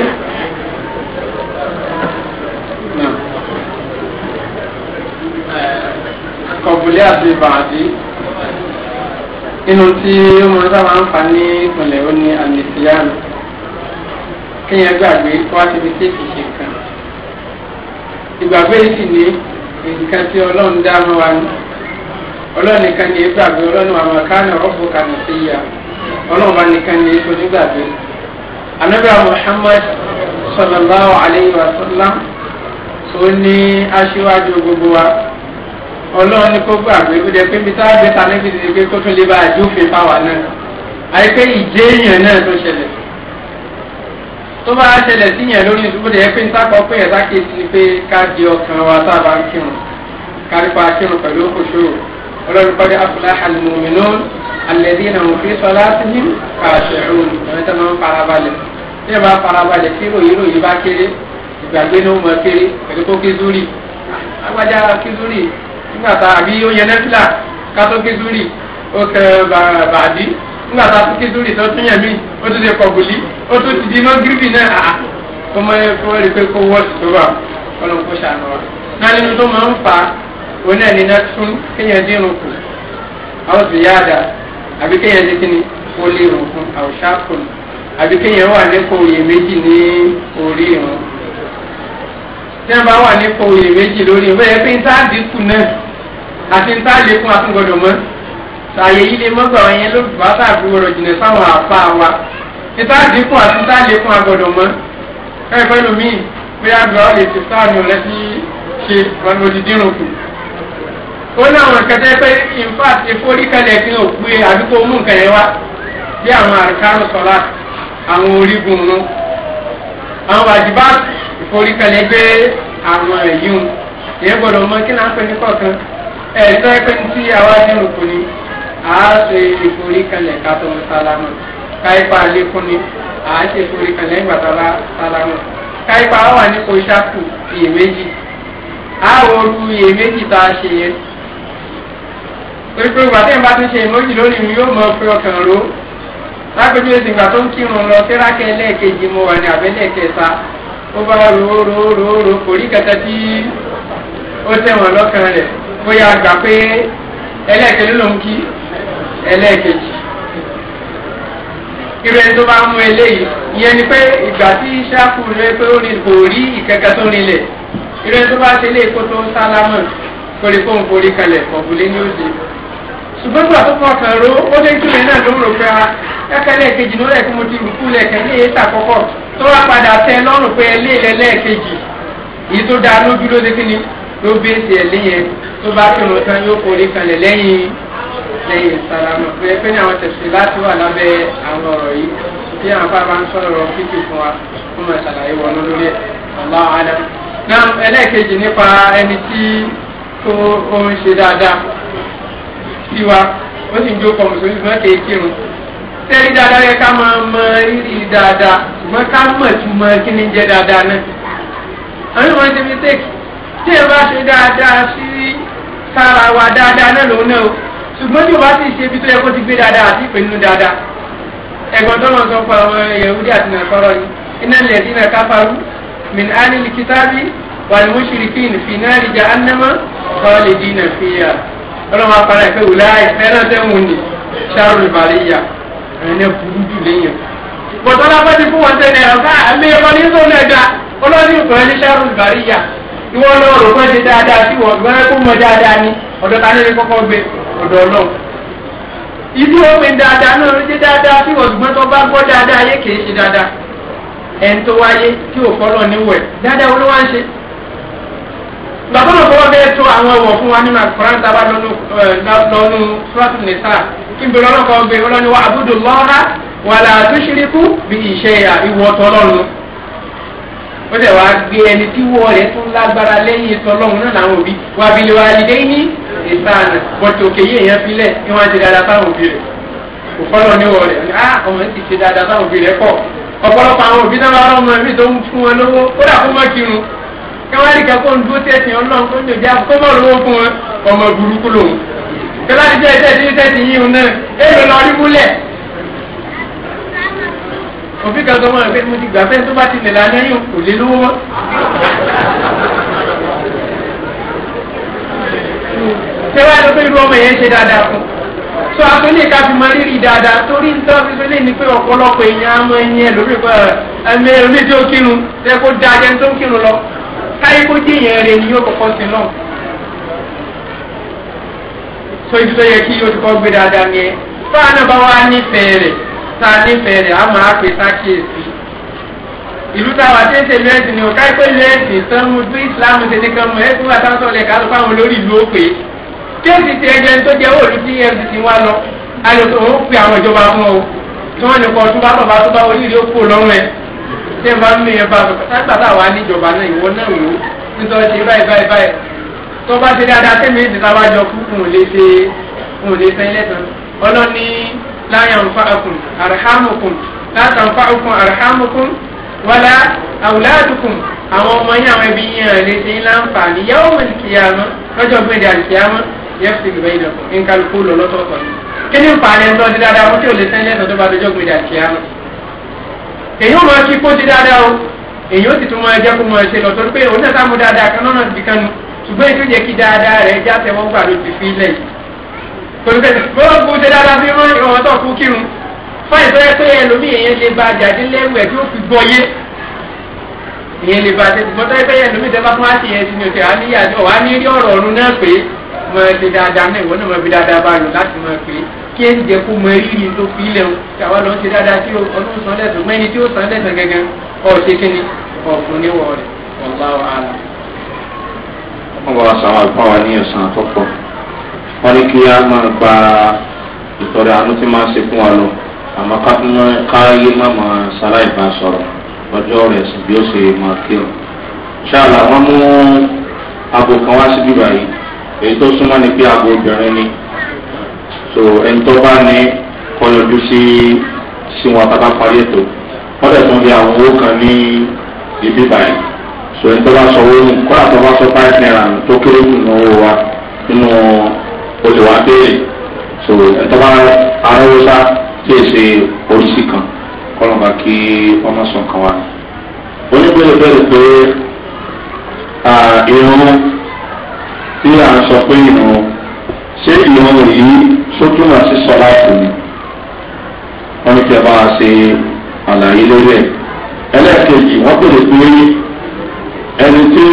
kọ̀bùlé àti bàdí nínú tí wọn sábà ń fa ní ìpínlẹ̀ ó ní àlèsíyánu kéèyàn gbàgbé wá síbi tí kì í ṣe kan ìgbàgbé sì ní nǹkan tí ọlọ́run dá mọ́ wa ní ọlọ́run nìkan ni gbàgbé ọlọ́run àwọn kánà ọ̀bù kánà sí ya ọlọ́run bá nìkan ni onígbàgbé. anábìá muhammad sallallahu alayhi wa sallam tó ní aṣíwájú gbogbo wa ọlọ́run ní kó gbàgbé ó jẹ́ pé bí táwọn gbé ta níbi ti gbé kó tún lè bá àjúfin fáwa náà àyíké ìjé èèyàn náà tó ṣẹlẹ̀ tó bá ṣẹlẹ̀ sí yẹn lórí ìdúgbòdì ẹ pé ń sákọ̀ pé ẹ̀dá kejì ni pé ká di ọkàn wa tá a bá ń kírun kárípa kírun pẹ̀lú òkòṣòro ọlọ́run kọ́ni afúláhà lùmínú alẹ́dí náà wọ́n fi sọlá sí ní kàṣẹ̀rù ẹ̀rẹ́ tó máa ń farabalẹ̀ tí ẹ bá farabalẹ̀ tí ròyìn ròyìn bá kéré ìgbàgbé ní ọmọ kéré pẹ̀lú kó kézúrì agbájá kézúrì nígbà tá àbí ó yẹn nẹ́fìlà kátó kézúrì ó kẹ bàbàdí nígbà tá tó kézúrì tó tún yẹn mí ó tún ti kọ̀gùlí ó tún ti di iná gírìbì náà kó mọ ẹ kó rí pé kó wọ́ọ̀tì tó wà ọlọ́run kó ṣàánú wa. náà nínú tó máa ń fa oní ẹni náà tún kéèyàn dín irun kù àwọn tó yá àdá àbí kéèyàn dín kíni ó lé irun kù àwòṣá kù àbí kéèyàn wà nípò òye méjì ní orí irun tí wọn bá wà nípò òye méjì lórí irun bẹ́ẹ̀ pé ń tá àdínkù náà àti ń tá àlékún àtúngbọ̀dọ̀ mọ́ sàyè yìí lè mọ́gbà wọn yẹn ló bá tàbí wọ̀rọ̀ jìnnà sáwọn àfa wa ń tá àdínkù àti ń tá àlékún àgbọ̀dọ̀ mọ́ ẹ̀ fẹ́ lómi bóyá gbọ́ ó ní àwọn kẹtẹ pé infact ìforíkalẹ̀ fi hàn pé àdúgbò mú nǹkan yẹn wá bí àwọn àrùkárò sọlá àwọn orígun nù àwọn wàjibá ìforíkalẹ̀ gbé àwọn ẹ̀yìn ìyẹn gbọdọ̀ mọ kí náà pè ní kọ̀ọ̀kan ẹ̀ ẹ̀ sọ́yẹ́ pé tí àwa ní rògbò ni à á ṣe ìforíkalẹ̀ kátó sálámù káyípa àlékún ni à á ṣe ìforíkalẹ̀ ìgbàdàlá sálámù káyípa àwa ní kò ṣàkù iyèméjì àwọn orú iyèméjì tá a ṣe yẹn pé ìgbà tẹ́yìn bá tún ṣe ìmọ̀jì lórí mi yóò mọ pé ọkàn ró lápẹjù èsì ìgbà tó ń kírun lọ síráàkẹ́ ẹlẹ́ẹ̀kejì mo wà ní àbẹ́lẹ́ẹ̀kẹta ó bá ro ro ro ro kò rí kẹta tí ó tẹ̀wọ̀n lọ́kàn rẹ̀ bóyá gbà pé ẹlẹ́ẹ̀kejì ló ń kí ẹlẹ́ẹ̀kejì ìrẹ́ tó bá mú eléyìí ìyẹn ni pé ìgbà tí ṣáàkù rẹ pé ó ní kò rí ìkẹ́kẹ́ tó nílẹ̀ ìrẹ́ tó bá ṣe lé kó tó kórìkóhùn forí kalẹ̀ kọ̀ọ̀bùlé ní òde. ṣùgbọ́n gbà tó fọkàn ro ó lé tó yẹn náà ló ń rò pé ah, a kẹ́kẹ́ lẹ́ẹ̀kejì ló lẹ́ẹ̀kẹ́ mo ti rùkú lẹ́ẹ̀kẹ́ ní èyí tàkọ́kọ́ tó wá padà tẹ lọ́rùn pé léèlẹ́ lẹ́ẹ̀kejì èyí tó dáa lójú ló dé kí ni ló bẹ́ẹ̀ ti ẹ̀ léyẹn tó bá tó lọ yóò forí lẹ́yìn lẹ́yìn pé pé ní àwọn tẹ̀sí láti wà lábẹ́ àwọn sí wa ó sì ń jókòó mùsùlùmí ṣùgbọ́n kì í kírun sẹ́rí dáadáa yẹ ká máa mọ rírì dáadáa ṣùgbọ́n ká mọ̀ túmọ̀ kí ni jẹ́ dáadáa náà àwọn ìwọ̀n ti fi tèkì tí ẹ bá ṣe dáadáa sí sára wa dáadáa náà lòun náà o ṣùgbọ́n tí o bá sì ṣe ibi tó yẹ kó ti gbé dáadáa àti ìpè nínú dáadáa ẹ̀gbọ́n tó lọ́n sọ pa àwọn yahudi àti nàkọ́rọ́ yìí iná lè dín náà káfárú min alil kitabi wal mushrikin fi nari jahannama khalidina fiha ọlọ́mọ afárá ìpè wò láyà ìfẹ́ náà tẹ́ wọn ni ṣáàrù ìbàlẹ̀ ìyà ẹ̀rìn náà burú jù léyìn. bọ̀dọ̀ lápẹ́ ti fún wọn tẹ́ náírà ká àmì ẹ̀rọ ní sọ́nà ẹ̀dá ọlọ́ọ̀ni ìkọ̀rẹ́ ní ṣáàrù ìbàlẹ̀ ìyà ìwọ náà rò pé ṣe dáadáa sí wọn gbọ́dọ̀ kó mọ dáadáa ni ọ̀dọ̀ ta ní kọ́kọ́ gbé ọ̀dọ̀ ọlọ́run. ìdí omi dáadáa náà ló ṣe dáadáa sí wọn ṣùgbọ́n tó bá gbọ́ dáadáa ayé kì ṣe dáadáa. ẹ̀ńtọ́ wáyé tí òfọ́lọ́ níwẹ̀ dáadáa olówó ń ṣe gbàgbọ́n náà fọwọ́ bẹ́ẹ̀ tó àwọn ọ̀wọ̀ fún wa nínú àkùrán tábà lọ́nu fúlọ́tù nìta ìbèrè ọlọ́kọ̀ ọbẹ̀ ọlọ́ni wa àbúdò lọ́ra wà láàtú ṣíríkú bí ìṣe ìwọ tọlọ́run ó dẹ̀ wá gbé ẹni tí wọ́ rẹ̀ tún lágbára lẹ́yìn tọlọ́run náà làwọn òbí wà bí lè wà lídé ní ìsànà bọ̀tò kéyé èèyàn filẹ̀ kí wọ́n ti dáadáa fáwọn òbí rẹ̀ kò fọ́lọ́ ní wọ̀ rẹ̀ ọ̀pọ̀lọpọ̀ àwọn òbí náà lọ́rọ̀ ọmọ mi tó ń fún wọn lówó kódà kó mọ́ káwárí kan kó ń dúró tẹ̀sí ọlọ́run tó ń jòjì àkókò lówó fún wọn ọmọ burúkú lòun káwárí jẹ́ ẹ̀jẹ̀ tí tẹ̀sí yìí ń náà èlò lọ rí múlẹ̀. òfin kan tó mọ̀ pé mo ti gbà fẹ́ tó bá ti lè la lẹ́yìn kò lè lówó mọ́. tẹ́wá ló pé irú ọmọ yẹn ṣe dáadáa fún so àtúndì ká fi mọ rírì dáadáa torí nǹkan fífi lè ní pé ọ̀pọ̀lọpọ̀ èèyàn á mọ ẹyin ẹ lórí ẹ̀mí ẹ̀mí tí ó kírun ẹ kó dáa jẹun tó ń kírun lọ káyé kó jẹ́ yẹn rẹ̀ ni yóò kọ́kọ́ sí náà so ibi tó yẹ kí yóò ti kọ́ gbé dáadáa ni ẹ táà náà bá wá nífẹ̀ẹ́ rẹ̀ táà nífẹ̀ẹ́ rẹ̀ á máa pè sákìyèsí ìlú táwa tí ń tẹ̀lé ẹ̀sìn ni ọ̀ká ìpè lẹ́ẹ̀sìn sánmú tí ìsìlámù ti ní kan mọ̀ ẹ̀sìn wà sáńsọ̀ lẹ̀ ká ló fáwọn olórí ìlú ó pè é tí ó sì ti ẹgbẹ́ tó jẹ́ òòlù tí fdc wá lọ alẹ́ òun pè àwọn ìjọba fún ọ tí wọ́n ní kọ́ tó bá bàbá tó bá onílé ó kó lọ́rùn ẹ̀ tẹ́ bá ń lè yẹn bá a sọ̀kọ̀ sáńtà táwa níjọba náà ìwọ náà wò ó nítorí ṣe báyìí báyìí báyìí tó bá ṣe dáadáa tẹ́mi èdè táwa jọ kú kùn lè ṣe kùn lè ṣe ẹlẹ́tàn ọlọ́ni láyàǹfààkùn àràhámùkùn látàǹfààkùn àràhámùkùn wọlá àwùládùkùn àwọn ọmọ yín àwọn ẹbí yín àlè ṣe ńlá ń fà ní yàwó mọ̀lìkìyàmọ́ lọ́jọ́ gbẹ̀dẹ̀ àlìkìyàmọ́ yẹ́fì ìgbẹ́yìn náà nǹkan kó lọ lọ́tọ̀ọ̀tọ̀ ni èyí ò máa kí kó di dáadáa o èyí ó sì tún máa jẹ́ kó máa ṣe lọ torí pé òun náà sáàmù dáadáa kan lọ́nà ti kan ṣùgbọ́n èyí tó yẹ kí dáadáa rẹ̀ já tẹ̀wọ́ gbà ló ti fi ilẹ̀ yìí torí pé bọ́ọ̀ kó ṣe dáadáa bí wọ́n ìwọ̀n tó kú kírun fáyì tó yẹ pé ẹlòmíì èèyàn lè ba àjàdí lẹ́wù ẹ̀ tí ó fi gbọ́ yé èèyàn lè ba àjẹsí bọ́tọ́ yẹ pé ẹlòmíì tẹ́ bá fún àti yẹn ti ní oṣù àníyàn ọ̀hání rí ọ̀rọ̀ ọ̀run náà pé ṣe ń jẹ kó mọ eriri tó fi ilẹ̀ o ṣàwọn lọ ń ṣe dáadáa tí ọdún san lẹ́sàn mẹ́ni tí ó san lẹ́sàn gẹ́gẹ́ ọ̀ ṣe ni ọ̀fun níwọ̀ rẹ̀ ọ̀la ọ̀hánà. wọ́n bá wa sọ àwọn àlùfáà wa ní ẹ̀sán àtọ́pọ̀ wọ́n ní kí á máa gba ìtọ́rẹ àánú tí máa ń ṣe fún wa lọ àmọ́ káyé má máa ṣaláì bá sọ̀rọ̀ lọ́jọ́ rẹ̀ sì bí ó ṣe máa kí èyí tó súnmọ́ ni pé aago obìnrin ni so ẹni tó bá ní kọyọjú sí sí wọn tá a bá parí ètò wọn dẹ̀ tún bí àwọn owó kan ní ibi báyìí so ẹni tó bá sọ owó nù kọ́lá tó bá sọ five naira tó kéré jù ní owó wa nínú olè wa béèrè so ẹni tó bá aráwó sá tí èsè oríṣi kan kọlọmọ kí ọmọ sọ kan wa onígbèrè bẹ̀rẹ̀ pé irun tí à ń sọ pé irun ṣé ìrun yìí sótúmọ̀ sí sọ́láàtì ni wọ́n ní kí ẹ bá wa ṣe àlàyé lórí ẹ̀ ẹlẹ́ẹ̀kejì wọ́n pèlè pé ẹni tí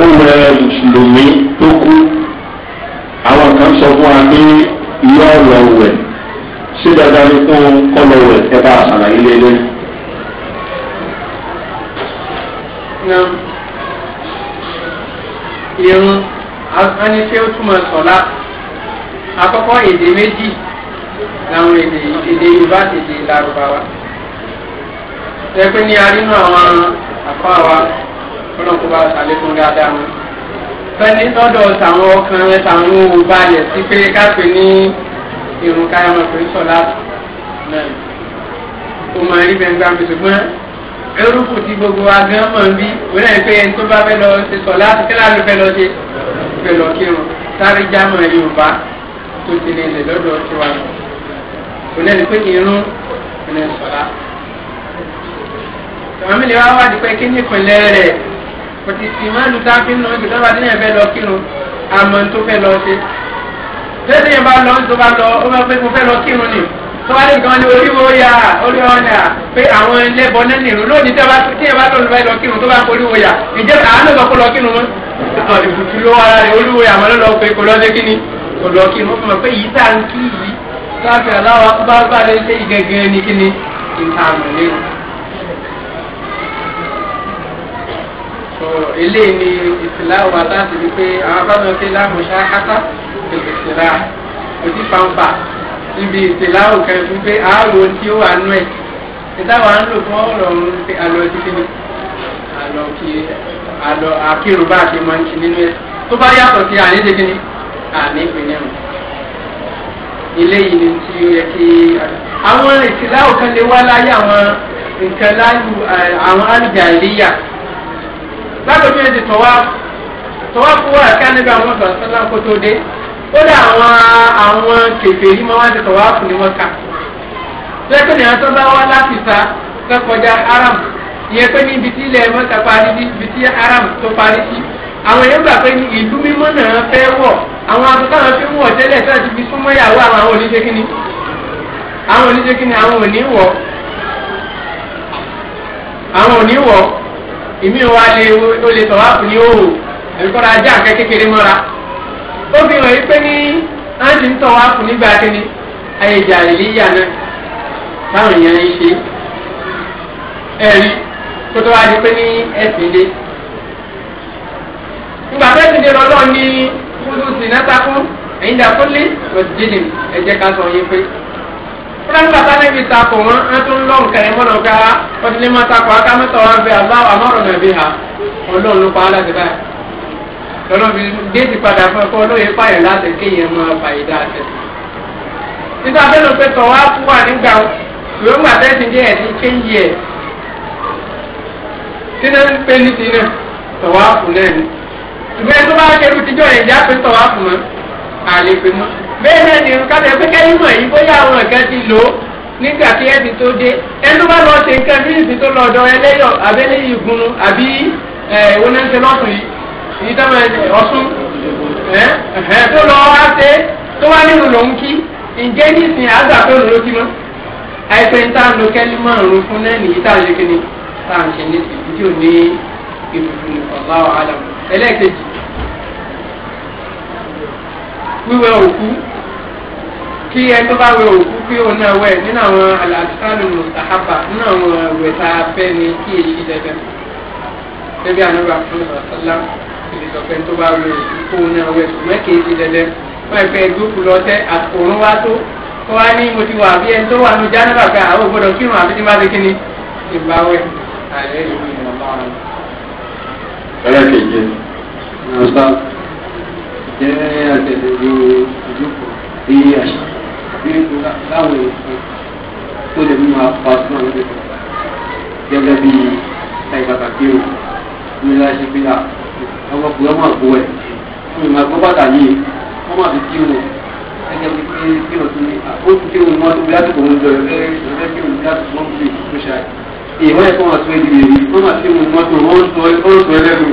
ó rẹ mùsùlùmí tó kú àwọn kan sọ fún wa pé ìyá ọ̀rọ̀ wẹ̀ sí dandan ní fún kọ́lọ̀ wẹ̀ ẹ bá a ṣàlàyé lélẹ́yìn. irun a ní ṣé ó túmọ̀ sọ̀lá àkọ́kọ́ èdè méjì làwọn èdè èdè yorùbá ti di lárúbáwá ẹ pé ní arínú àwọn àpá wa ọlọ́kùn bá ṣàlékún dáadáa wọn fẹ́ni lọ́dọ̀ tàwọn ọkàn rẹ tàwọn owó balẹ̀ sí pé káàpẹ́ ní irun káyọ̀ wọn pé sọ̀lá náà ó máa rí bẹ́ẹ̀ gbàgbé ṣùgbọ́n erúkù tí gbogbo wa gan mọ̀ ń bí òun náà pé ẹni tó bá fẹ́ lọ ṣe sọ̀lá kí láàrin fẹ́ lọ ṣe pé lọ kírun sáré jámọ̀ yorùbá tó ti lè lè lọ́dọ̀ tiwa lọ. kò lẹ́nu pé irun ìrìn ìsọ̀lá. tàwọn mi lè wá wá di pé kí ní ìpínlẹ̀ rẹ̀ kò ti sì máa lu tábìlì náà ibi tábà déyàn fẹ́ lọ kírun àmọ́ tó fẹ́ lọ ṣe. tẹ́lẹ̀ yẹn bá lọ ń tó bá lọ ó bá pé mo fẹ́ lọ nìyẹn tọ́wálé gan ni orí wo yà orí ọ̀nà pé àwọn ẹlẹ́bọ náà nìrú lónìí tí ẹ bá tọ́lú báyìí lọ kírun tó bá forí wo yà ìjẹ́ àánú lọ kó lọ kírun mọ́ ọ̀dì bùtù ló wà rẹ̀ olúwo yà mọ́ lọ́lọ́ pé kò lọ sí kíni kò lọ kírun ó fi mọ̀ pé yìí tá n kí yìí káfí aláwa bá bá lè ṣe ìgẹ̀gẹ̀ ni kíni ìtààmù léwu. ilé ni ìsìláwò àtàtì wípé àwọn abámọ́sí láàmú ibi ìtìláwò kan fún pé àáwò tí ó wà nú ẹ̀ ìtawà ń lò fún ọ̀rọ̀ ọ̀run pé àlọ́ títí ni àlọ́ kí àlọ́ àkírò bá ti máa ń ṣe nínú ẹ̀ tó bá yàtọ̀ sí àníṣe kí ni àní ìpínlẹ̀ ọ̀hún ilé yìí ni tí ó yẹ kí àwọn ìtìláwò kan lè wá láyé àwọn nǹkan láyù eh, àwọn àlùjáìlíyà lábẹ́ bí wọ́n ti tọ́wá tọ́wá fún wa ká níbi àwọn ọ̀sán sọ́lá kó tó dé. ó dà àwọn àwọn kèké yìí máa wá ti tọ̀wá fún ni wọ́n kà lẹ́kọ̀ọ́ ni àtọ́ bá wá láti sa kọjá haram ìyẹn pé ní ibi ilẹ̀ mọ́ta parí sí ibi tí tó parí sí àwọn èèyàn gbà pé ní ìlú fi ń wọ̀ tẹ́lẹ̀ ti fi súnmọ́ ìyàwó àwọn àwọn oníṣe kínní àwọn oníṣe kínní àwọn òní wọ̀ o tọ̀wá fún ó fi hàn ni pé ntọwa áńtì nibe tọ̀ wá fún nígbà kíní ayé ìjà ìlíyà náà báwọn èèyàn ń ṣe ẹ̀rí tó tó wá di pé ní ẹ̀sìn dé ìgbà tó ẹ̀sìn dé lọ́lọ́ ní kúlù sí nátákú ẹ̀yìn dàkúlé òjìlì ẹ̀jẹ̀ ká sọ yín pé fúlàní bàtà níbi takò lọ ah, ha lọ́dọ̀ mi déètì padà fún ẹ̀kọ́ olóye fàyẹ̀ láti kéèyàn máa fàyè dáadẹ́. títí abẹ́lò pé tọ̀ wá fún wa nígbà ìwé ńgbà tẹ́sí dé ẹ̀sìn kéyì ẹ̀. títí ẹni pé ní ti náà tọ̀ wá fún náà ni. ìgbẹ́ tó bá kẹ́rù tíjọ́ rẹ̀ já pé tọ̀ wá fún mọ́ àlè pé mọ́. bẹ́ẹ̀ náà ni kábẹ́ pé kẹ́yìn mọ̀ yìí bóyá àwọn nǹkan ti lò ó nígbà tí ẹni tó dé ẹni tó bá lọ ṣe nǹkan bí ìsìn tó lọ ọ̀dọ̀ ẹlẹ́yọ̀ àbẹ́lẹ́yìn ìgúnnu àbí ẹ̀ oníṣẹ́ lọ́sùn yìí ìdámẹ́ ọ̀sùn tó lọ wá ṣe tó wá nínú lòún kí ǹjẹ́ nísìnyí àgbà tó lò ó kí mọ́ àìpẹ́ ń tá ń lo kẹ́lí márùn-ún fún náà nìyí tá à ń ṣe kí ni tá à ń ṣe nísìnyí tí ò ní ìbùdó ọ̀gá wàhálà ẹlẹ́ẹ̀kejì wíwẹ̀ òkú kí ẹ tó bá wẹ òkú pé òun náà wẹ̀ nínú àwọn àlàáfíà lòun sàhábà nínú àwọn ìwẹ̀ fẹ́ ni kí èyí dẹ́gbẹ́ bẹ́ẹ̀ bí anáwó àfọlọ́sọ̀tàlá ìdìtọ̀fẹ́ tó bá wẹ̀ kó ní àwọn ẹ̀sùn mẹ́kèé ti dẹ́dẹ́ wọ́n ẹ̀fẹ́ ìdókù lọ tẹ́ àkòrún wá tó wọ́n wá ní mo ti wà bí ẹni tó wà ní jánúbà pé àwọn ògbọ́dọ̀ kírun àbí tí má ti kíni ìbáwẹ̀ àlẹ́ ìlú ìrànlọ́wọ́ rẹ̀. ọ̀rẹ́ kejì ọ̀sán jẹ́ àtẹ̀lẹ́lú ìjókòó bí àṣà bí láwọn èèyàn tó lè mú apá ìrìn àṣẹ pé àwọn ọkùnrin máa gbọ́ ẹ̀ fún ìmọ̀ ẹ̀kọ́ bàtà yìí wọ́n máa fi kí wọn ẹgbẹ́ fi kí kí wọn tún ní àkókò kí wọn tún bí lásìkò wọn jọ ẹgbẹ́ kí wọn lásìkò wọn fi tó ṣá èèwọ̀ ẹ̀kọ́ wọn sọ èdè yìí wọ́n máa fi wọn mọ́tò wọn sọ ẹlẹ́nu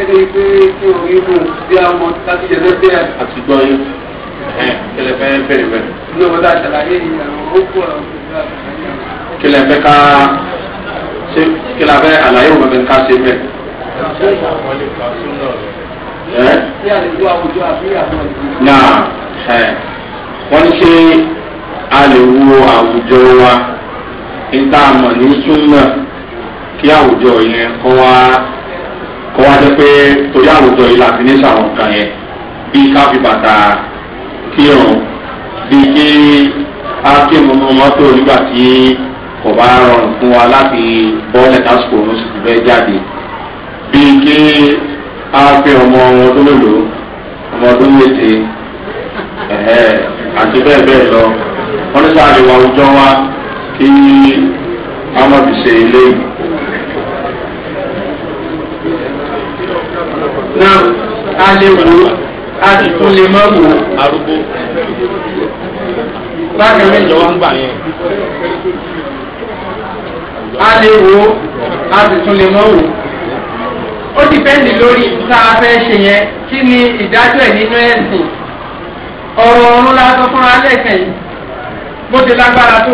ẹgbẹ́ pé kí wọn rí fún bí àwọn tàbí ẹlẹ́fẹ́ àtijọ́ yẹn kẹlẹ́fẹ́ bẹ̀rẹ̀ bẹ̀rẹ̀. ní ọ̀dà àṣàlàyé yìí àwọn ó kú ọ̀rọ̀ ṣé kí la fẹ́ àlàyé òun bẹ́ẹ̀ ká ṣe bẹ́ẹ̀. náà wọ́n ní ṣé a lè wo àwùjọ wa níta àmọ̀ ní súnmọ̀ kí àwùjọ yẹn kọ́ wá kọ́ wá jẹ́ pé torí àwùjọ yìí láti ní sàwọn kan yẹn bí ká fi bàtà kírun bí kí á kírun mọ́tò nígbà kò bá rọrùn fún wa láti bọ́ọ̀lẹ̀ lásìkò òun sì fẹ́ jáde bíi kí á fi ọmọ ọdún mélòó ọmọ àti bẹ́ẹ̀ lọ wọn ní sáà àwùjọ wa kí á má fi ṣe ilé yìí. náà a lè a lè wo a sì tún lè mọ́ wò ó dìpẹ́ndì lórí tá a fẹ́ ṣe yẹn kí ni ìdájọ́ ẹ̀ nínú ẹ̀sìn ọ̀rọ̀ ọ̀run la sọ fún alẹ́ kan yìí bó ti lágbára tó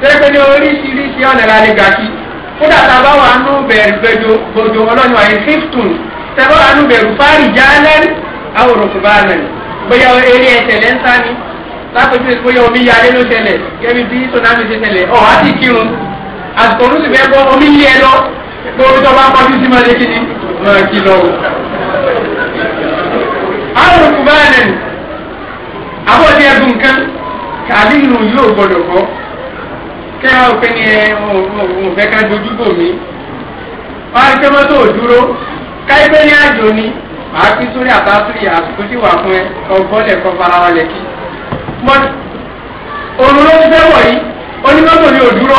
tẹ́lẹ̀pẹ́ ní oríṣiríṣi ọ̀nà la lè gbà kí kódà tá a bá wà nù bẹ̀rù gbẹdọ gbọdọ ọlọ́run àyè fíftùn tá wà nù bẹ̀rù fárì jálẹ̀ àwòrán kò bá a bóyá eré ẹsẹ̀ lẹ́ńsá ni lápẹ́jọ́ bóyá omi yalé ló ṣẹlẹ̀ gẹ́bí bí tsunami ṣe ṣẹlẹ̀ ọ̀ á sì kírun àtọ̀rún sì fẹ́ bọ́ omi lé ẹ lọ pé omi tó bá kọjú sí máa lé kí ni máa kí lọ o. àrùn kù báyìí lẹ́nu àbọ̀dé ẹ̀gùn kan kàlí nù yóò gbọdọ̀ kọ́ kí wọ́n pe ni ẹ òun fẹ́ ká dojú bò mí. wọ́n á ké mọ́tò dúró káyipẹ́ ní àjò ni màá pín sórí àtàtúrì àsìkò tí wà fún ẹ kọ́ gbọ́dẹ̀ kọ́ fara wọn lẹ́kì. òun ló ń fẹ́ wọ̀ yìí onímọ́tò ni ò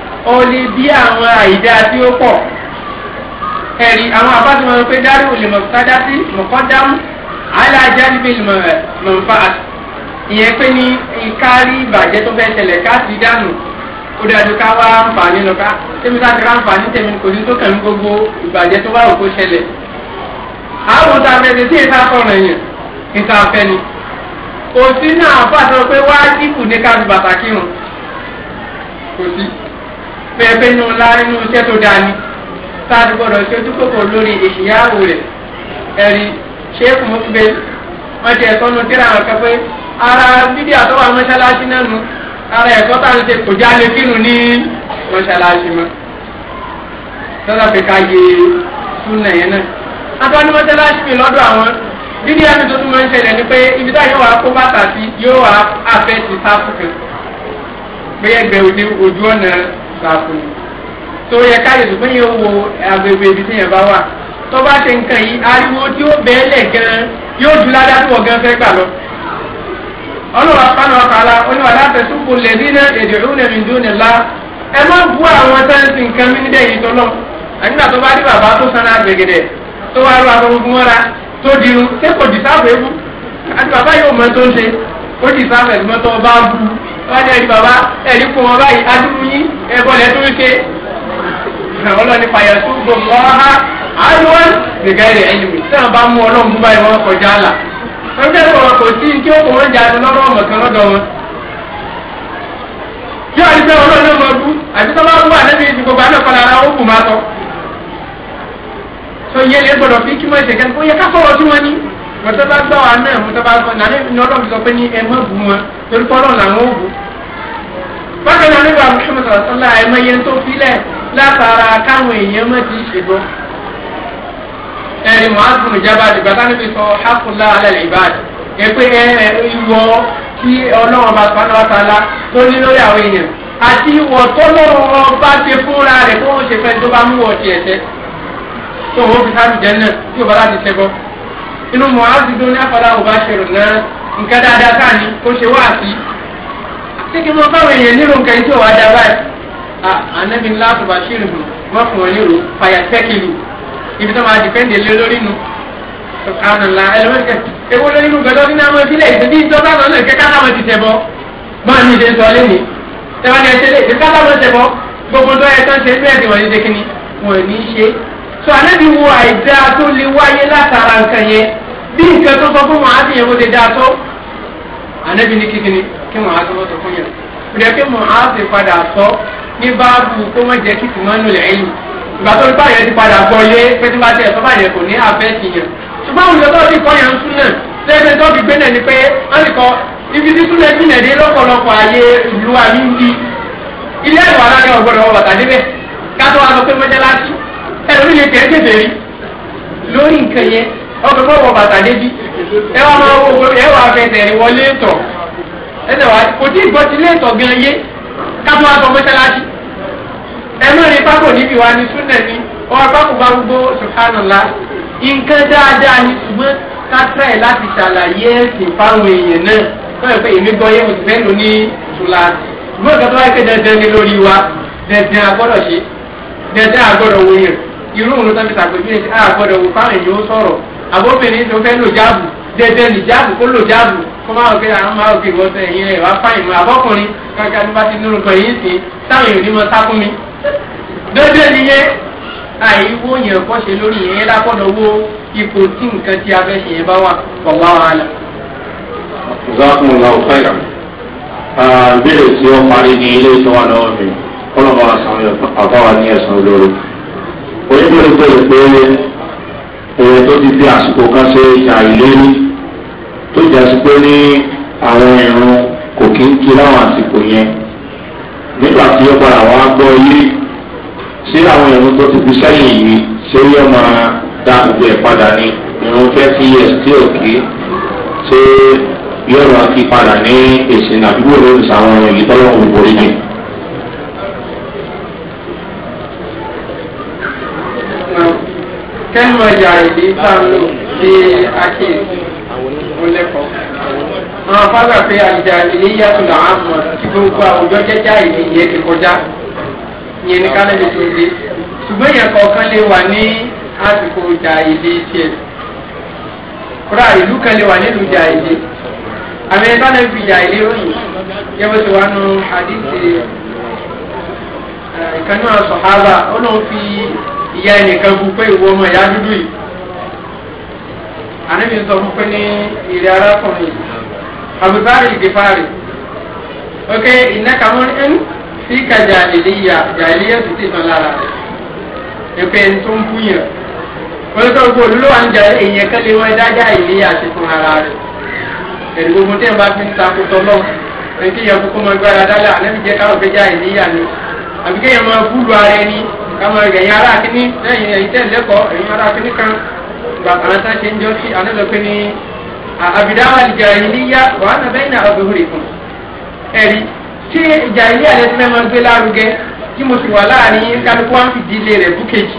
ó lè bí àwọn àìdá tí ó pọ̀ ẹ̀rí àwọn àbájọ wọn pé dárí ò lè mọ̀ sádá sí mọ̀kọ́ dámú aláàjá níbi ìmọ̀ mọ̀nfà ìyẹn pé ní ìkárí ìbàjẹ́ tó fẹ́ ṣẹlẹ̀ ká ti dànù ó dájú ká wá àǹfààní lọ ká tèmi ká ti ráǹfààní tèmi kò ní tó kàn ní gbogbo ìbàjẹ́ tó bá òkú ṣẹlẹ̀ àwọn tá a fẹ́ ṣe sí ìta kọ̀ọ̀rọ̀ yẹn ìta fẹ́ ni kò sí náà fàtọ́ pé fẹ́ẹ́fẹ́ nù ńlá nínú iṣẹ́ tó dáa ni sáàdù gbọ́dọ̀ ṣe dúkòkò lórí ìyáwó rẹ̀ ẹ̀rí ṣéèkù mọ́kúbe wọ́n ti ẹ̀kọ́ nu tíra àwọn kẹfẹ́ ara fídíò àtọ́wà mọ́ṣáláṣí náà nu ara ẹ̀kọ́ tá à ń ṣe kò já lè kírun ní mọ́ṣáláṣí mọ́ lọ́dọ̀ fi ká yé súnà yẹn náà àtọ́wà ní mọ́ṣáláṣí mi lọ́dọ̀ àwọn dídí ẹni tó máa ń ṣẹlẹ̀ ni pé ibi táyọ̀ wà kó bàtà sí yóò wà àfẹ́ ti sáfù kan pé ẹgbẹ́ ojú ọ̀nà gbà fún un tó yẹ káyọ̀ tó fẹ́yìn wo agbègbè ibi tí yẹn bá wà tó bá ṣe nǹkan yìí ariwo tí ó bẹ́ẹ̀ lẹ̀ gan yóò dúró adásùwọ̀ gan fẹ́ gbà lọ. ọlọ́wà pánú ọ̀kàlà oníwà látẹ̀sùn kò lè ní náà èdè òun ẹ̀mí dún ní la ẹ má bu àwọn sáyẹ́nsì nǹkan mi níbẹ̀ yìí tọ́lọ́ àyínlá tó bá dé bàbá tó sanra gbẹ̀gẹ̀dẹ̀ tó wá lọ àbọ̀ gbogbo wọn ra tó dirun ṣé kò dì ó ti sá fẹ̀ gbọ́n tó o bá bu wọ́n ní ẹni bàbá ẹni kó wọn báyìí adúlú yín ẹ̀bọ lẹ́ tó ń ṣe ọlọ́ni payà tó gbogbo ọ̀há àlùwọ́n nìkan ẹ̀rẹ̀ ẹ̀yìn mi tí wọ́n bá mú ọlọ́run bú báyìí wọ́n kọjá wọn tó bá gbọ́ wa náà wọn tó bá gbọ́ nàní ní ọlọ́run sọ pé ní ẹ má bu wọn torí pé ọlọ́run làwọn ò bu. bákan náà nígbà mùsùlùmí sọ̀rọ̀ sọ́lá ẹ mọ iye tó filẹ̀ látara káwọn èèyàn má ti ṣègbọ́. ẹ̀rì mọ́àtún ìjábá dìgbà táwọn ibi sọ hákùnlá alẹ́ ìbáàdì ẹ pé ẹ ìwọ tí ọlọ́run bá sọ́nà wá sálá tó ní lórí àwọn èèyàn àti ìwọ tó lọ́rùn bá inú muhammed dún ní afọlá ọba ṣẹlẹ náà nǹkan dáadáa ká ní kó ṣe wá sí ṣé kí mo báwọn èèyàn nírò nǹkan tí òwà dá báyìí ànábi ńlá àtúbà ṣírí mu wọn fún wọn nírò fàyà sẹkìlù ibi tó máa dìpẹ́ndì lé lórí nu subhanallah ẹlẹ́wẹ̀kẹ́ ewu lórí nu gbẹdọ́ nínú àwọn ìbílẹ̀ ìṣẹ́bí ìjọba náà lè kẹ́kẹ́ àwọn ti tẹ̀ bọ́ máa ní ìṣe sọ lẹ́nu tẹ̀wọ́n ni ẹ ṣe lè kẹ́kẹ́ àwọn tẹ̀ bọ́ gbogbo tó ẹ̀ tán ṣe bẹ́ẹ̀ sọ anabi wo àìdá tó lè wáyé látara nǹkan yẹn bí nǹkan tó sọ fún muhammed yẹn wo lè dá tó anabi ní kíkiri kí muhammed wọ́n sọ fún yẹn rẹ̀ kí muhammed padà sọ ní báàbù kó wọ́n jẹ́ kí tìmọ́nù lẹ́yìn ìgbà tó ń bá yẹn ti padà gbọ́ yé pé tí wọ́n ti ẹ̀sọ́ bá yẹn kò ní abẹ́ sí yẹn ṣùgbọ́n àwọn ìjọba ti kọ́ yẹn ń sún náà lẹ́gbẹ̀ẹ́ tó fi gbé náà ni pé wọ́n ti kọ́ ibi tí súnlẹ̀ jìnà dé lọ́pọ̀lọpọ̀ ayé ìlú àmì ń di ilé ẹ̀rọ alága ọ̀gbọ́dọ̀ wọ bàtà débẹ̀ ká tó wá ẹlòmíì lè tẹ̀ tètè rí lórí nǹkan yẹn ọkọ̀ tó wọ bàtà débi ẹ wà máa wọ ẹ wà fẹsẹ̀ rí wọlé tọ̀ ẹsẹ̀ wà kò tí ì gbọ́ ti lé tọ̀ gan yé kátó wà sọ mọ́ṣáláṣí ẹnu ní pákó níbi wa ni súnẹ̀ ni ọwọ́ pákó bá gbogbo subhanallah nǹkan dáadáa ni ṣùgbọ́n kátà ẹ̀ láti ṣàlàyé ẹ̀sìn fáwọn èèyàn náà wọ́n pè mí gbọ́ yẹ́wò sí fẹ́ẹ́ lóní ìtura ṣùgbọ́n ìgbà tó wáyé pé dandan ni lórí wa dandan agbọ́dọ̀ ṣe dandan agbọ́dọ̀ wọ̀nyẹn irú òun ló sábẹ́ sàpèjúwe sí àgbọ̀dọ̀ ah, wò fáwọn èèyàn ó sọ̀rọ̀ àbóbìnrin tó fẹ́ lò jáàbù dẹdẹ ní jáàbù kó lò jáàbù kó máa gbé àwọn ah, máa gbé ìwọ́n sẹ́yìn yẹn ìwà fáyìn mọ́ àbọ́kùnrin kankan ní bá ti nínú kan yìí sí táwọn èèyàn ní mọ́ sákún mi. dẹdẹ ni yẹn àìwó yẹn kọ́ ṣe lórí yẹn yẹn lápọ̀dọ̀ wo ipò tí nǹkan tí a fẹ́ ṣe yẹn bá wà kọ̀ wá wa la. ìzákùnrin náà fẹ́ yà mí. ìbéèrè tí ó parí ní ilé ìtọ́wà náà mi kọ́lọ́ oníbìrin tó lè pé èèyàn tó ti fi àsìkò kan ṣe àìlérí tó jẹ́ sí pé ní àwọn ìrún kò kí ń kí láwọn àsìkò yẹn nígbà tí ó padà wá gbọ́ yí sí àwọn ìrún tó ti fi sẹ́yìn yìí ṣé yóò máa dá gbogbo ẹ̀ padà ní ìrún thirty years tí ò kí ṣé yóò máa fi padà ní èsì nàbíwò lórí sàwọn ìrìn yìí gbogbo yìí. kẹ́nu ẹ̀yà èdè bá ń lò ní akéèsì olẹ́kọ̀ọ́. àwọn fáwọn àfẹ́ àjà ilé yàtọ̀ làwọn mọ̀ kí gbogbo àwùjọ jẹ́jà ìlú yẹn ti kọjá yẹn ní kálẹ̀dẹ̀ tó dé. ṣùgbọ́n yẹn kọ̀ọ̀kan lè wà ní a fi eh, fi ìyá ẹnìkan kú pé ìwọ ọmọ ìyá dúdú yìí àníbi sọ fún pé ní ìrẹ́ arákùnrin àbúbárì ìgbéfárì ok ìnáka wọn ẹnu sí ka jàìlíyà jàìlíyà sì ti sàn lára rẹ èpè tó ń búyàn wọn tó gbó olúwa ń jẹ èèyàn kan lé wọn dá jàìlíyà sí fún ara rẹ ẹ̀rí gbogbo tí wọn bá fi ń takò tọ́lọ́ ẹni tí yẹ kókó mọ gbára dálẹ̀ àníbi jẹ́ káwọn gbé jàìlíyà ni àbí kéèyàn máa búlù ara ẹni káma ẹ̀yìn ara kínní lẹ́yìn ẹ̀yìn tẹ̀ lẹ́kọ̀ọ́ ẹ̀yìn ara kínní kan gba àwọn tá a ṣe ń jọ sí anáàlọ́pẹ́ ní àbídáwà ìjà ìníyà wàhánà bẹ́ẹ̀ ní àbẹ̀ òhùrẹ̀ fún ẹ̀rí tí ìjà ilé àlẹ́ tí wọ́n máa gbé lárugẹ tí mo sì wà láàrin kálukú wá ń fìdí ilé rẹ̀ búkèjì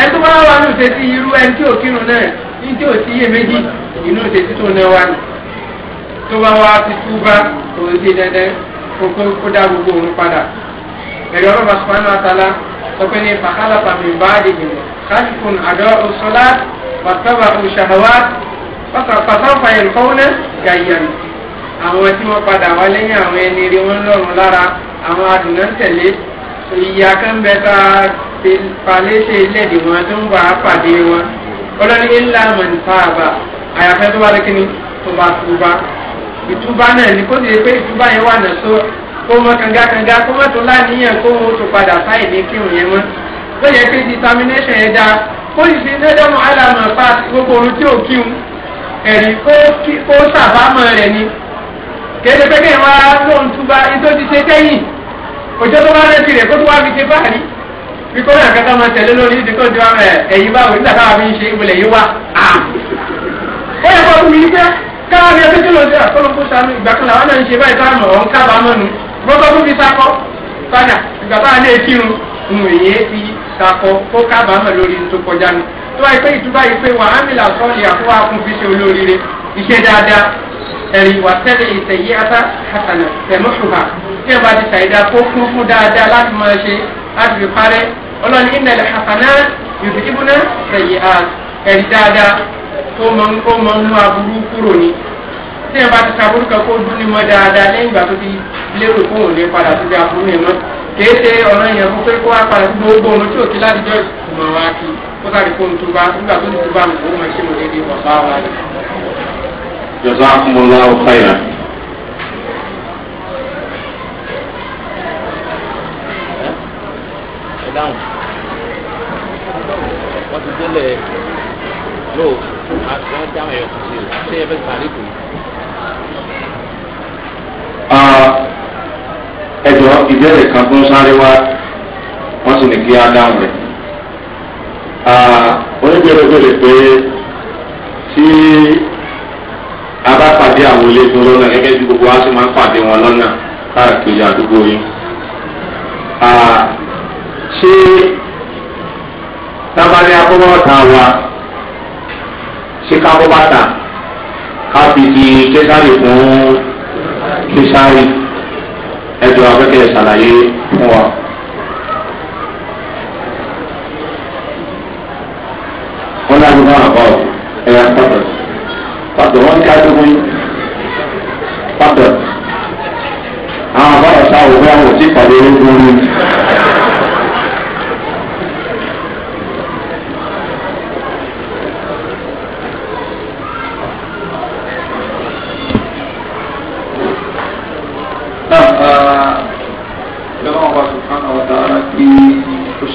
ẹni tó bá wà ní òṣèṣì irú ẹni tí ò kírun náà ní tí ò sí iye méjì inú òṣèṣì tó náà wà ní tó bá wá ti túbá òun ti dandan kó dá gbogbo òun padà ẹ̀rí ọlọ́ba sùpánù àtàlà sọpẹ́ ní fàkàlà pàmì báàdì yìí káṣíkùn àdó ọ̀ṣọ́lá wàtọ́bà ọ̀ṣàwá pàtàkùn ẹ̀kọ́wọ́nẹ́ gàyẹ̀rì àwọn tí wọ́n padà wá lẹ́yìn àwọn ẹni rí wọn lọ́rùn lára àwọn àdùnnà tẹ̀lé ìyá kan bẹ tá a ti palẹ́ ṣe ilẹ̀dì wọn tó ń bá a pàdé wọn ọlọ́ni ilá mọ̀nìfàbà àyàfẹ́ tó bá lẹ́kìnní tó bá túbá ìtúbá náà ni kó ti di pé ìtúbá kó mọ kàngakànga kó mọ tó láníyàn kó wọn tó padà fáyìn ní kírun yẹn mọ́ ó yẹ kí determination yẹn dáa kó ìfi nẹ́dọ̀mù alàmọ̀ pa gbogbo ohun tí ò kírun ẹ̀rí kó sàbámọ̀ rẹ̀ ni kéde pé kéde wá lóhun túbá ètò ti ṣe kẹ́yìn òjò tó bá rẹ́sì rẹ̀ kó tó wá fi ṣe báyìí bí kò náà kẹta máa tẹ̀lé lórí ìdíkọ̀ tí wọ́n rẹ̀ ẹ̀yìn báwo nígbà táwa fi ń ṣe ìwòlẹ̀ yìí wá. ó yẹ kó wí pé káwá mi ọdún tí lòun ṣe àkọlùkù sanu ìgbà kan làwọn náà ń ṣe báyìí táwọn ọ̀hún kábàámọ̀ nù gbogbo fún fi sakọ padà ìgbàgbọ́ àlẹ́ kírun ohun èyí fi sakọ kó kábàámọ̀ lórí tó kọjá ni tó wáyé pé ìtúbà yìí pé wàá mìlà sọ́ọ̀lì àkọ́wà fún fi ṣe olóríire iṣẹ́ dáadáa ẹ̀rìn wà tẹ́lẹ̀ ìtẹ̀yí ata hasana tẹ̀mọ́sùnà tí ẹ bá ti ṣàyẹ̀dá kó kún fún dáadáa láti máa ṣe láti fi parẹ́ ọlọ́ni ìnẹ̀lẹ̀ hasana yòtí ibùnà tẹ̀yí ẹ̀rí dáadáa ó mọ ń mú aburú kúrò ni tí ẹ bá ti ka burúkú kó dún ní mọ́ dáadáa lẹ́yìn ìgbà tó ti lérò fún òun lè padà síbi àbúrò yẹn mọ́ kìí ṣe ọ̀nà yẹn fún pé kó wá padà sí gbogbo ohun tí òkè láti jọ ìmọ̀ wa kí kó sáré kó ń tuba nígbà tó ń tuba mi kó mọ̀ ṣé mo lè rí bàbá wa rẹ̀. jọ̀sán akúmọ̀lá ọ̀fà yà. wọ́n ti délẹ̀ lóò àti wọ́n dáhùn ẹ̀yọ̀ kùsì ṣé ẹ fẹ́ sàrí kù ẹjọ́ ìbéèrè kan tó ń sáré wá wọ́n sì ní kí á dáhùn rẹ̀ oníbèrè béèrè pé tí a bá pàdé àwọn iléegun lọ́nà gẹ́gẹ́ bí gbogbo wa sì máa ń pàdé wọn lọ́nà káàkiri àdúgbò yìí ṣé tábàlì akọ́bọ̀tà wa ṣé kábọ́bàtà ká fi di késàlè fún fi sáré ẹjọ́ abẹ́kẹ̀ ṣàlàyé fún wa. wọ́n náà gbọ́dọ̀ àbọ̀ ẹ̀yà pàtó pàtó wọ́n ká dúró pàtó àwọn àbọ̀ ọ̀sá òwe àwọn òsì pàdé ológun ní.